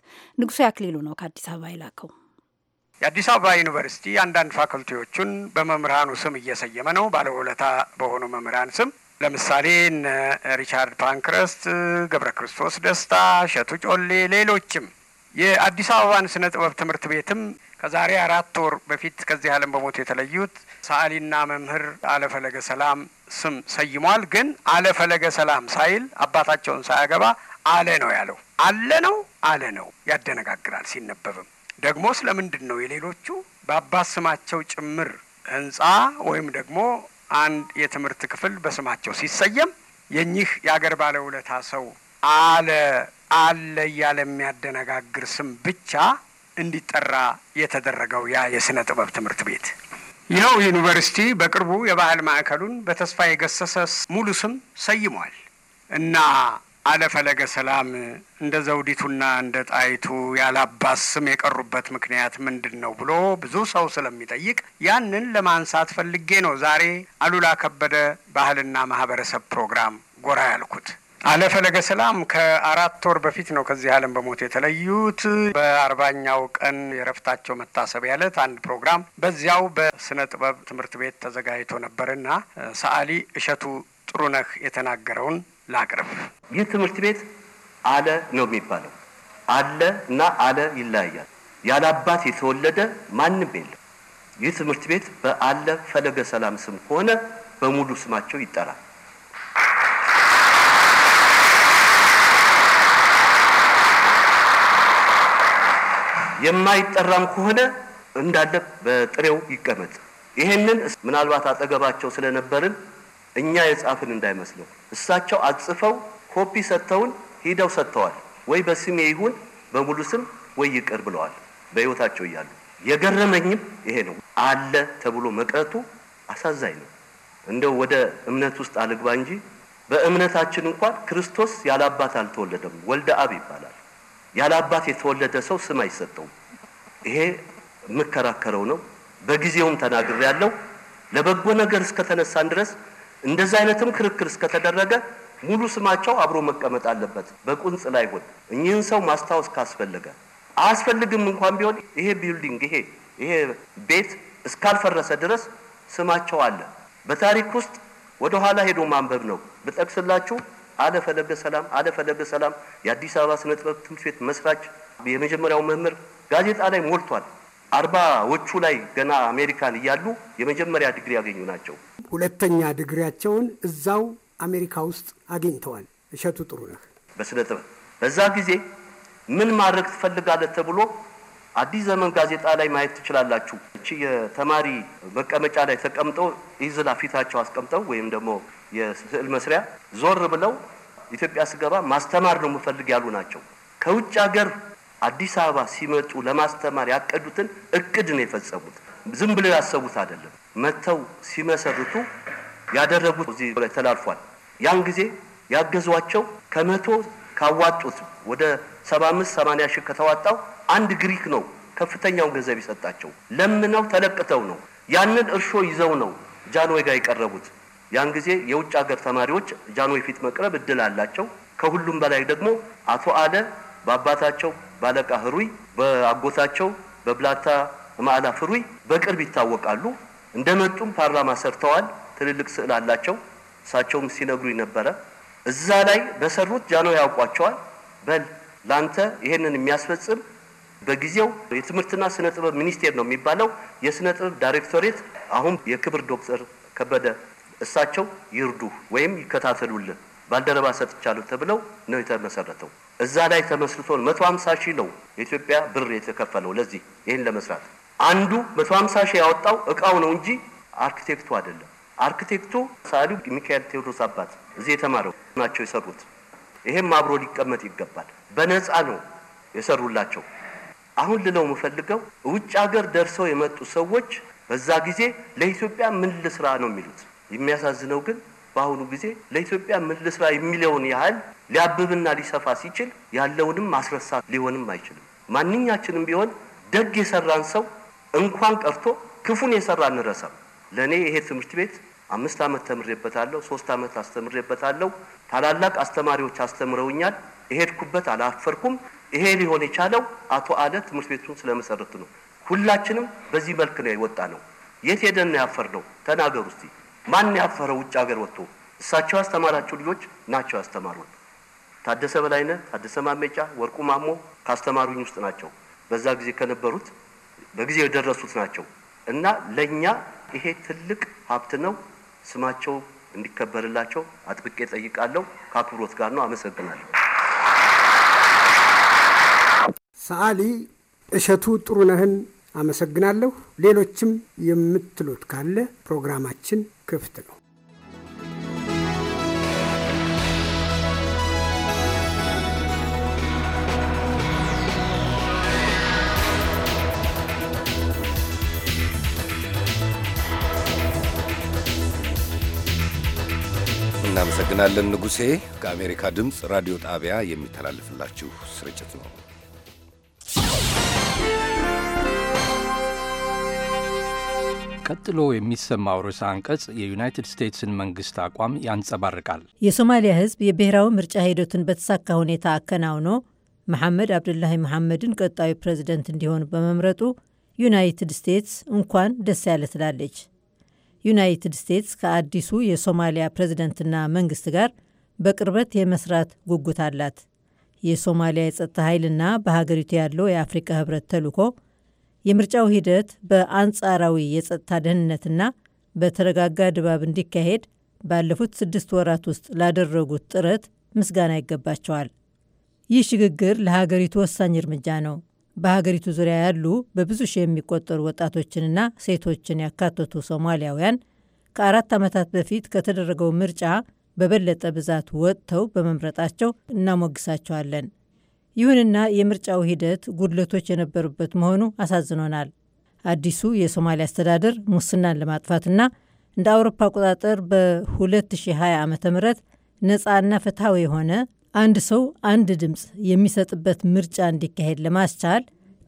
ንጉሱ አክሊሉ ነው ከአዲስ አበባ የላከው። የአዲስ አበባ ዩኒቨርሲቲ አንዳንድ ፋኩልቲዎቹን በመምህራኑ ስም እየሰየመ ነው። ባለውለታ በሆኑ መምህራን ስም ለምሳሌ እነ ሪቻርድ ፓንክረስት፣ ገብረ ክርስቶስ ደስታ፣ እሸቱ ጮሌ፣ ሌሎችም የአዲስ አበባን ስነ ጥበብ ትምህርት ቤትም ከዛሬ አራት ወር በፊት ከዚህ ዓለም በሞት የተለዩት ሰዓሊና መምህር አለፈለገ ሰላም ስም ሰይሟል። ግን አለፈለገ ሰላም ሳይል አባታቸውን ሳያገባ አለ ነው ያለው። አለ ነው አለ ነው ያደነጋግራል። ሲነበብም ደግሞ ስለምንድን ነው የሌሎቹ በአባት ስማቸው ጭምር ህንጻ ወይም ደግሞ አንድ የትምህርት ክፍል በስማቸው ሲሰየም የኚህ የአገር ባለውለታ ሰው አለ አለ እያለ የሚያደነጋግር ስም ብቻ እንዲጠራ የተደረገው ያ የሥነ ጥበብ ትምህርት ቤት ይኸው ዩኒቨርሲቲ በቅርቡ የባህል ማዕከሉን በተስፋ የገሰሰ ሙሉ ስም ሰይሟል እና አለፈለገ ሰላም እንደ ዘውዲቱና እንደ ጣይቱ ያላባት ስም የቀሩበት ምክንያት ምንድን ነው ብሎ ብዙ ሰው ስለሚጠይቅ ያንን ለማንሳት ፈልጌ ነው ዛሬ አሉላ ከበደ ባህልና ማህበረሰብ ፕሮግራም ጎራ ያልኩት። አለፈለገ ሰላም ከአራት ወር በፊት ነው ከዚህ ዓለም በሞት የተለዩት። በአርባኛው ቀን የረፍታቸው መታሰቢያ ዕለት አንድ ፕሮግራም በዚያው በስነ ጥበብ ትምህርት ቤት ተዘጋጅቶ ነበርና ሰዓሊ እሸቱ ጥሩነህ የተናገረውን ላቅርብ። ይህ ትምህርት ቤት አለ ነው የሚባለው። አለ እና አለ ይለያያል። ያለ አባት የተወለደ ማንም የለም። ይህ ትምህርት ቤት በአለ ፈለገ ሰላም ስም ከሆነ በሙሉ ስማቸው ይጠራል። የማይጠራም ከሆነ እንዳለ በጥሬው ይቀመጥ። ይሄንን ምናልባት አጠገባቸው ስለነበርን እኛ የጻፍን እንዳይመስለው። እሳቸው አጽፈው ኮፒ ሰጥተውን ሂደው ሰጥተዋል። ወይ በስሜ ይሁን በሙሉ ስም ወይ ይቅር ብለዋል በህይወታቸው እያሉ። የገረመኝም ይሄ ነው። አለ ተብሎ መቅረቱ አሳዛኝ ነው። እንደው ወደ እምነት ውስጥ አልግባ እንጂ በእምነታችን እንኳን ክርስቶስ ያለ አባት አልተወለደም፣ ወልደ አብ ይባላል። ያለ አባት የተወለደ ሰው ስም አይሰጠውም። ይሄ የምከራከረው ነው። በጊዜውም ተናግሬ ያለው ለበጎ ነገር እስከተነሳን ድረስ እንደዛ አይነትም ክርክር እስከተደረገ ሙሉ ስማቸው አብሮ መቀመጥ አለበት፣ በቁንጽ ላይሆን። እኚህን ሰው ማስታወስ ካስፈለገ አያስፈልግም እንኳን ቢሆን ይሄ ቢልዲንግ ይሄ ይሄ ቤት እስካልፈረሰ ድረስ ስማቸው አለ። በታሪክ ውስጥ ወደ ኋላ ሄዶ ማንበብ ነው። ብጠቅስላችሁ አለ ፈለገ ሰላም፣ አለ ፈለገ ሰላም የአዲስ አበባ ስነ ጥበብ ትምህርት ቤት መስራች የመጀመሪያው መምህር ጋዜጣ ላይ ሞልቷል። አርባዎቹ ላይ ገና አሜሪካን እያሉ የመጀመሪያ ዲግሪ ያገኙ ናቸው። ሁለተኛ ድግሪያቸውን እዛው አሜሪካ ውስጥ አግኝተዋል። እሸቱ ጥሩ ነህ በስነ ጥበብ በዛ ጊዜ ምን ማድረግ ትፈልጋለህ ተብሎ አዲስ ዘመን ጋዜጣ ላይ ማየት ትችላላችሁ። እቺ የተማሪ መቀመጫ ላይ ተቀምጠው ኢዝላ ፊታቸው አስቀምጠው ወይም ደግሞ የስዕል መስሪያ ዞር ብለው ኢትዮጵያ ስገባ ማስተማር ነው የምፈልግ ያሉ ናቸው። ከውጭ ሀገር አዲስ አበባ ሲመጡ ለማስተማር ያቀዱትን እቅድ ነው የፈጸሙት። ዝም ብለው ያሰቡት አይደለም። መጥተው ሲመሰርቱ ያደረጉት እዚህ ላይ ተላልፏል። ያን ጊዜ ያገዟቸው ከመቶ ካዋጡት ወደ ሰባ አምስት ሰማንያ ሺህ ከተዋጣው አንድ ግሪክ ነው ከፍተኛውን ገንዘብ የሰጣቸው። ለምነው ተለቅተው ነው ያንን እርሾ ይዘው ነው ጃንሆይ ጋር የቀረቡት። ያን ጊዜ የውጭ ሀገር ተማሪዎች ጃንሆይ ፊት መቅረብ እድል አላቸው። ከሁሉም በላይ ደግሞ አቶ አለ በአባታቸው ባለቃ ህሩይ፣ በአጎታቸው በብላታ ማዕላ ፍሩይ በቅርብ ይታወቃሉ። እንደመጡም ፓርላማ ሰርተዋል። ትልልቅ ስዕል አላቸው። እሳቸውም ሲነግሩ ነበረ። እዛ ላይ በሰሩት ጃኖ ያውቋቸዋል። በል ላንተ ይሄንን የሚያስፈጽም በጊዜው የትምህርትና ስነ ጥበብ ሚኒስቴር ነው የሚባለው የስነ ጥበብ ዳይሬክቶሬት አሁን የክብር ዶክተር ከበደ እሳቸው ይርዱ ወይም ይከታተሉልን ባልደረባ ሰጥቻለሁ ተብለው ነው የተመሰረተው። እዛ ላይ ተመስርቶ መቶ ሀምሳ ሺህ ነው የኢትዮጵያ ብር የተከፈለው ለዚህ ይህን ለመስራት አንዱ መቶ ሀምሳ ሺህ ያወጣው እቃው ነው እንጂ አርክቴክቱ አይደለም። አርክቴክቱ ሰዓሊው ሚካኤል ቴዎድሮስ አባት እዚህ የተማረው ናቸው የሰሩት። ይሄም አብሮ ሊቀመጥ ይገባል። በነፃ ነው የሰሩላቸው። አሁን ልለው የምፈልገው ውጭ ሀገር ደርሰው የመጡ ሰዎች በዛ ጊዜ ለኢትዮጵያ ምን ልስራ ነው የሚሉት። የሚያሳዝነው ግን በአሁኑ ጊዜ ለኢትዮጵያ ምን ልስራ የሚለውን ያህል ሊያብብና ሊሰፋ ሲችል ያለውንም ማስረሳት ሊሆንም አይችልም። ማንኛችንም ቢሆን ደግ የሰራን ሰው እንኳን ቀርቶ ክፉን የሰራ እንረሳም። ለእኔ ይሄ ትምህርት ቤት አምስት ዓመት ተምሬበታለሁ፣ ሶስት ዓመት አስተምሬበታለሁ። ታላላቅ አስተማሪዎች አስተምረውኛል። የሄድኩበት አላፈርኩም። ይሄ ሊሆን የቻለው አቶ አለ ትምህርት ቤቱን ስለመሰረቱ ነው። ሁላችንም በዚህ መልክ ነው የወጣ ነው። የት ሄደን ነው ያፈር ነው? ተናገሩ እስቲ። ማን ያፈረው ውጭ ሀገር ወጥቶ? እሳቸው ያስተማራችሁ ልጆች ናቸው ያስተማሩን። ታደሰ በላይነህ፣ ታደሰ ወርቁ ማሞ ካስተማሩኝ ውስጥ ናቸው። በዛ ጊዜ ከነበሩት በጊዜ የደረሱት ናቸው እና ለእኛ ይሄ ትልቅ ሀብት ነው። ስማቸው እንዲከበርላቸው አጥብቄ ጠይቃለሁ። ከአክብሮት ጋር ነው። አመሰግናለሁ። ሰዓሊ እሸቱ ጥሩነህን አመሰግናለሁ። ሌሎችም የምትሉት ካለ ፕሮግራማችን ክፍት ነው። እናመሰግናለን ንጉሴ። ከአሜሪካ ድምፅ ራዲዮ ጣቢያ የሚተላለፍላችሁ ስርጭት ነው። ቀጥሎ የሚሰማው ርዕሰ አንቀጽ የዩናይትድ ስቴትስን መንግስት አቋም ያንጸባርቃል። የሶማሊያ ሕዝብ የብሔራዊ ምርጫ ሂደቱን በተሳካ ሁኔታ አከናውኖ መሐመድ አብዱላሂ መሐመድን ቀጣዩ ፕሬዚደንት እንዲሆኑ በመምረጡ ዩናይትድ ስቴትስ እንኳን ደስ ያለ ትላለች። ዩናይትድ ስቴትስ ከአዲሱ የሶማሊያ ፕሬዝደንትና መንግስት ጋር በቅርበት የመስራት ጉጉት አላት። የሶማሊያ የጸጥታ ኃይልና በሀገሪቱ ያለው የአፍሪካ ህብረት ተልዕኮ የምርጫው ሂደት በአንጻራዊ የጸጥታ ደህንነትና በተረጋጋ ድባብ እንዲካሄድ ባለፉት ስድስት ወራት ውስጥ ላደረጉት ጥረት ምስጋና ይገባቸዋል። ይህ ሽግግር ለሀገሪቱ ወሳኝ እርምጃ ነው። በሀገሪቱ ዙሪያ ያሉ በብዙ ሺህ የሚቆጠሩ ወጣቶችንና ሴቶችን ያካተቱ ሶማሊያውያን ከአራት ዓመታት በፊት ከተደረገው ምርጫ በበለጠ ብዛት ወጥተው በመምረጣቸው እናሞግሳቸዋለን። ይሁንና የምርጫው ሂደት ጉድለቶች የነበሩበት መሆኑ አሳዝኖናል። አዲሱ የሶማሊያ አስተዳደር ሙስናን ለማጥፋትና እንደ አውሮፓ አቆጣጠር በ2020 ዓ ም ነፃና ፍትሐዊ የሆነ አንድ ሰው አንድ ድምፅ የሚሰጥበት ምርጫ እንዲካሄድ ለማስቻል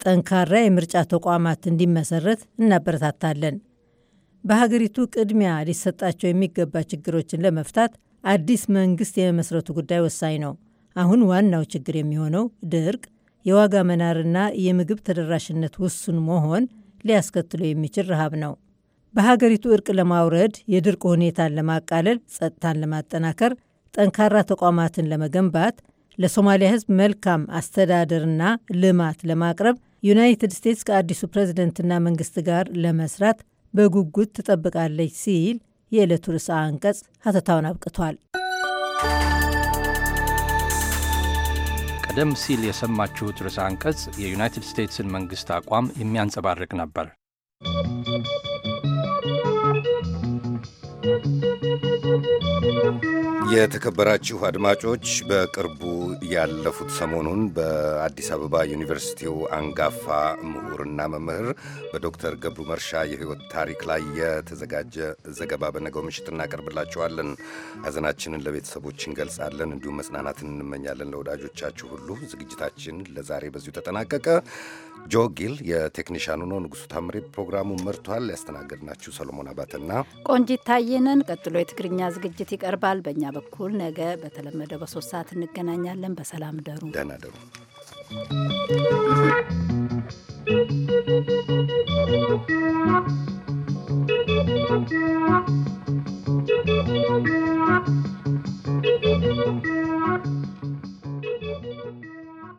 ጠንካራ የምርጫ ተቋማት እንዲመሰረት እናበረታታለን። በሀገሪቱ ቅድሚያ ሊሰጣቸው የሚገባ ችግሮችን ለመፍታት አዲስ መንግስት የመመስረቱ ጉዳይ ወሳኝ ነው። አሁን ዋናው ችግር የሚሆነው ድርቅ፣ የዋጋ መናርና የምግብ ተደራሽነት ውሱን መሆን ሊያስከትለው የሚችል ረሃብ ነው። በሀገሪቱ እርቅ ለማውረድ፣ የድርቅ ሁኔታን ለማቃለል፣ ጸጥታን ለማጠናከር ጠንካራ ተቋማትን ለመገንባት ለሶማሊያ ሕዝብ መልካም አስተዳደርና ልማት ለማቅረብ ዩናይትድ ስቴትስ ከአዲሱ ፕሬዝደንትና መንግስት ጋር ለመስራት በጉጉት ትጠብቃለች ሲል የዕለቱ ርዕሰ አንቀጽ ሀተታውን አብቅቷል። ቀደም ሲል የሰማችሁት ርዕሰ አንቀጽ የዩናይትድ ስቴትስን መንግስት አቋም የሚያንጸባርቅ ነበር። የተከበራችሁ አድማጮች በቅርቡ ያለፉት ሰሞኑን በአዲስ አበባ ዩኒቨርሲቲው አንጋፋ ምሁርና መምህር በዶክተር ገብሩ መርሻ የሕይወት ታሪክ ላይ የተዘጋጀ ዘገባ በነገው ምሽት እናቀርብላችኋለን። ሐዘናችንን ለቤተሰቦች እንገልጻለን፣ እንዲሁም መጽናናትን እንመኛለን ለወዳጆቻችሁ ሁሉ። ዝግጅታችን ለዛሬ በዚሁ ተጠናቀቀ። ጆ ጊል የቴክኒሻኑ ነው። ንጉሱ ታምሬ ፕሮግራሙ መርቷል። ያስተናገድናችሁ ሰሎሞን አባትና ቆንጂት ታየነን። ቀጥሎ የትግርኛ ዝግጅት ይቀርባል። በእኛ በኩል ነገ በተለመደው በሶስት ሰዓት እንገናኛለን። በሰላም ደሩ። ደህና ደሩ።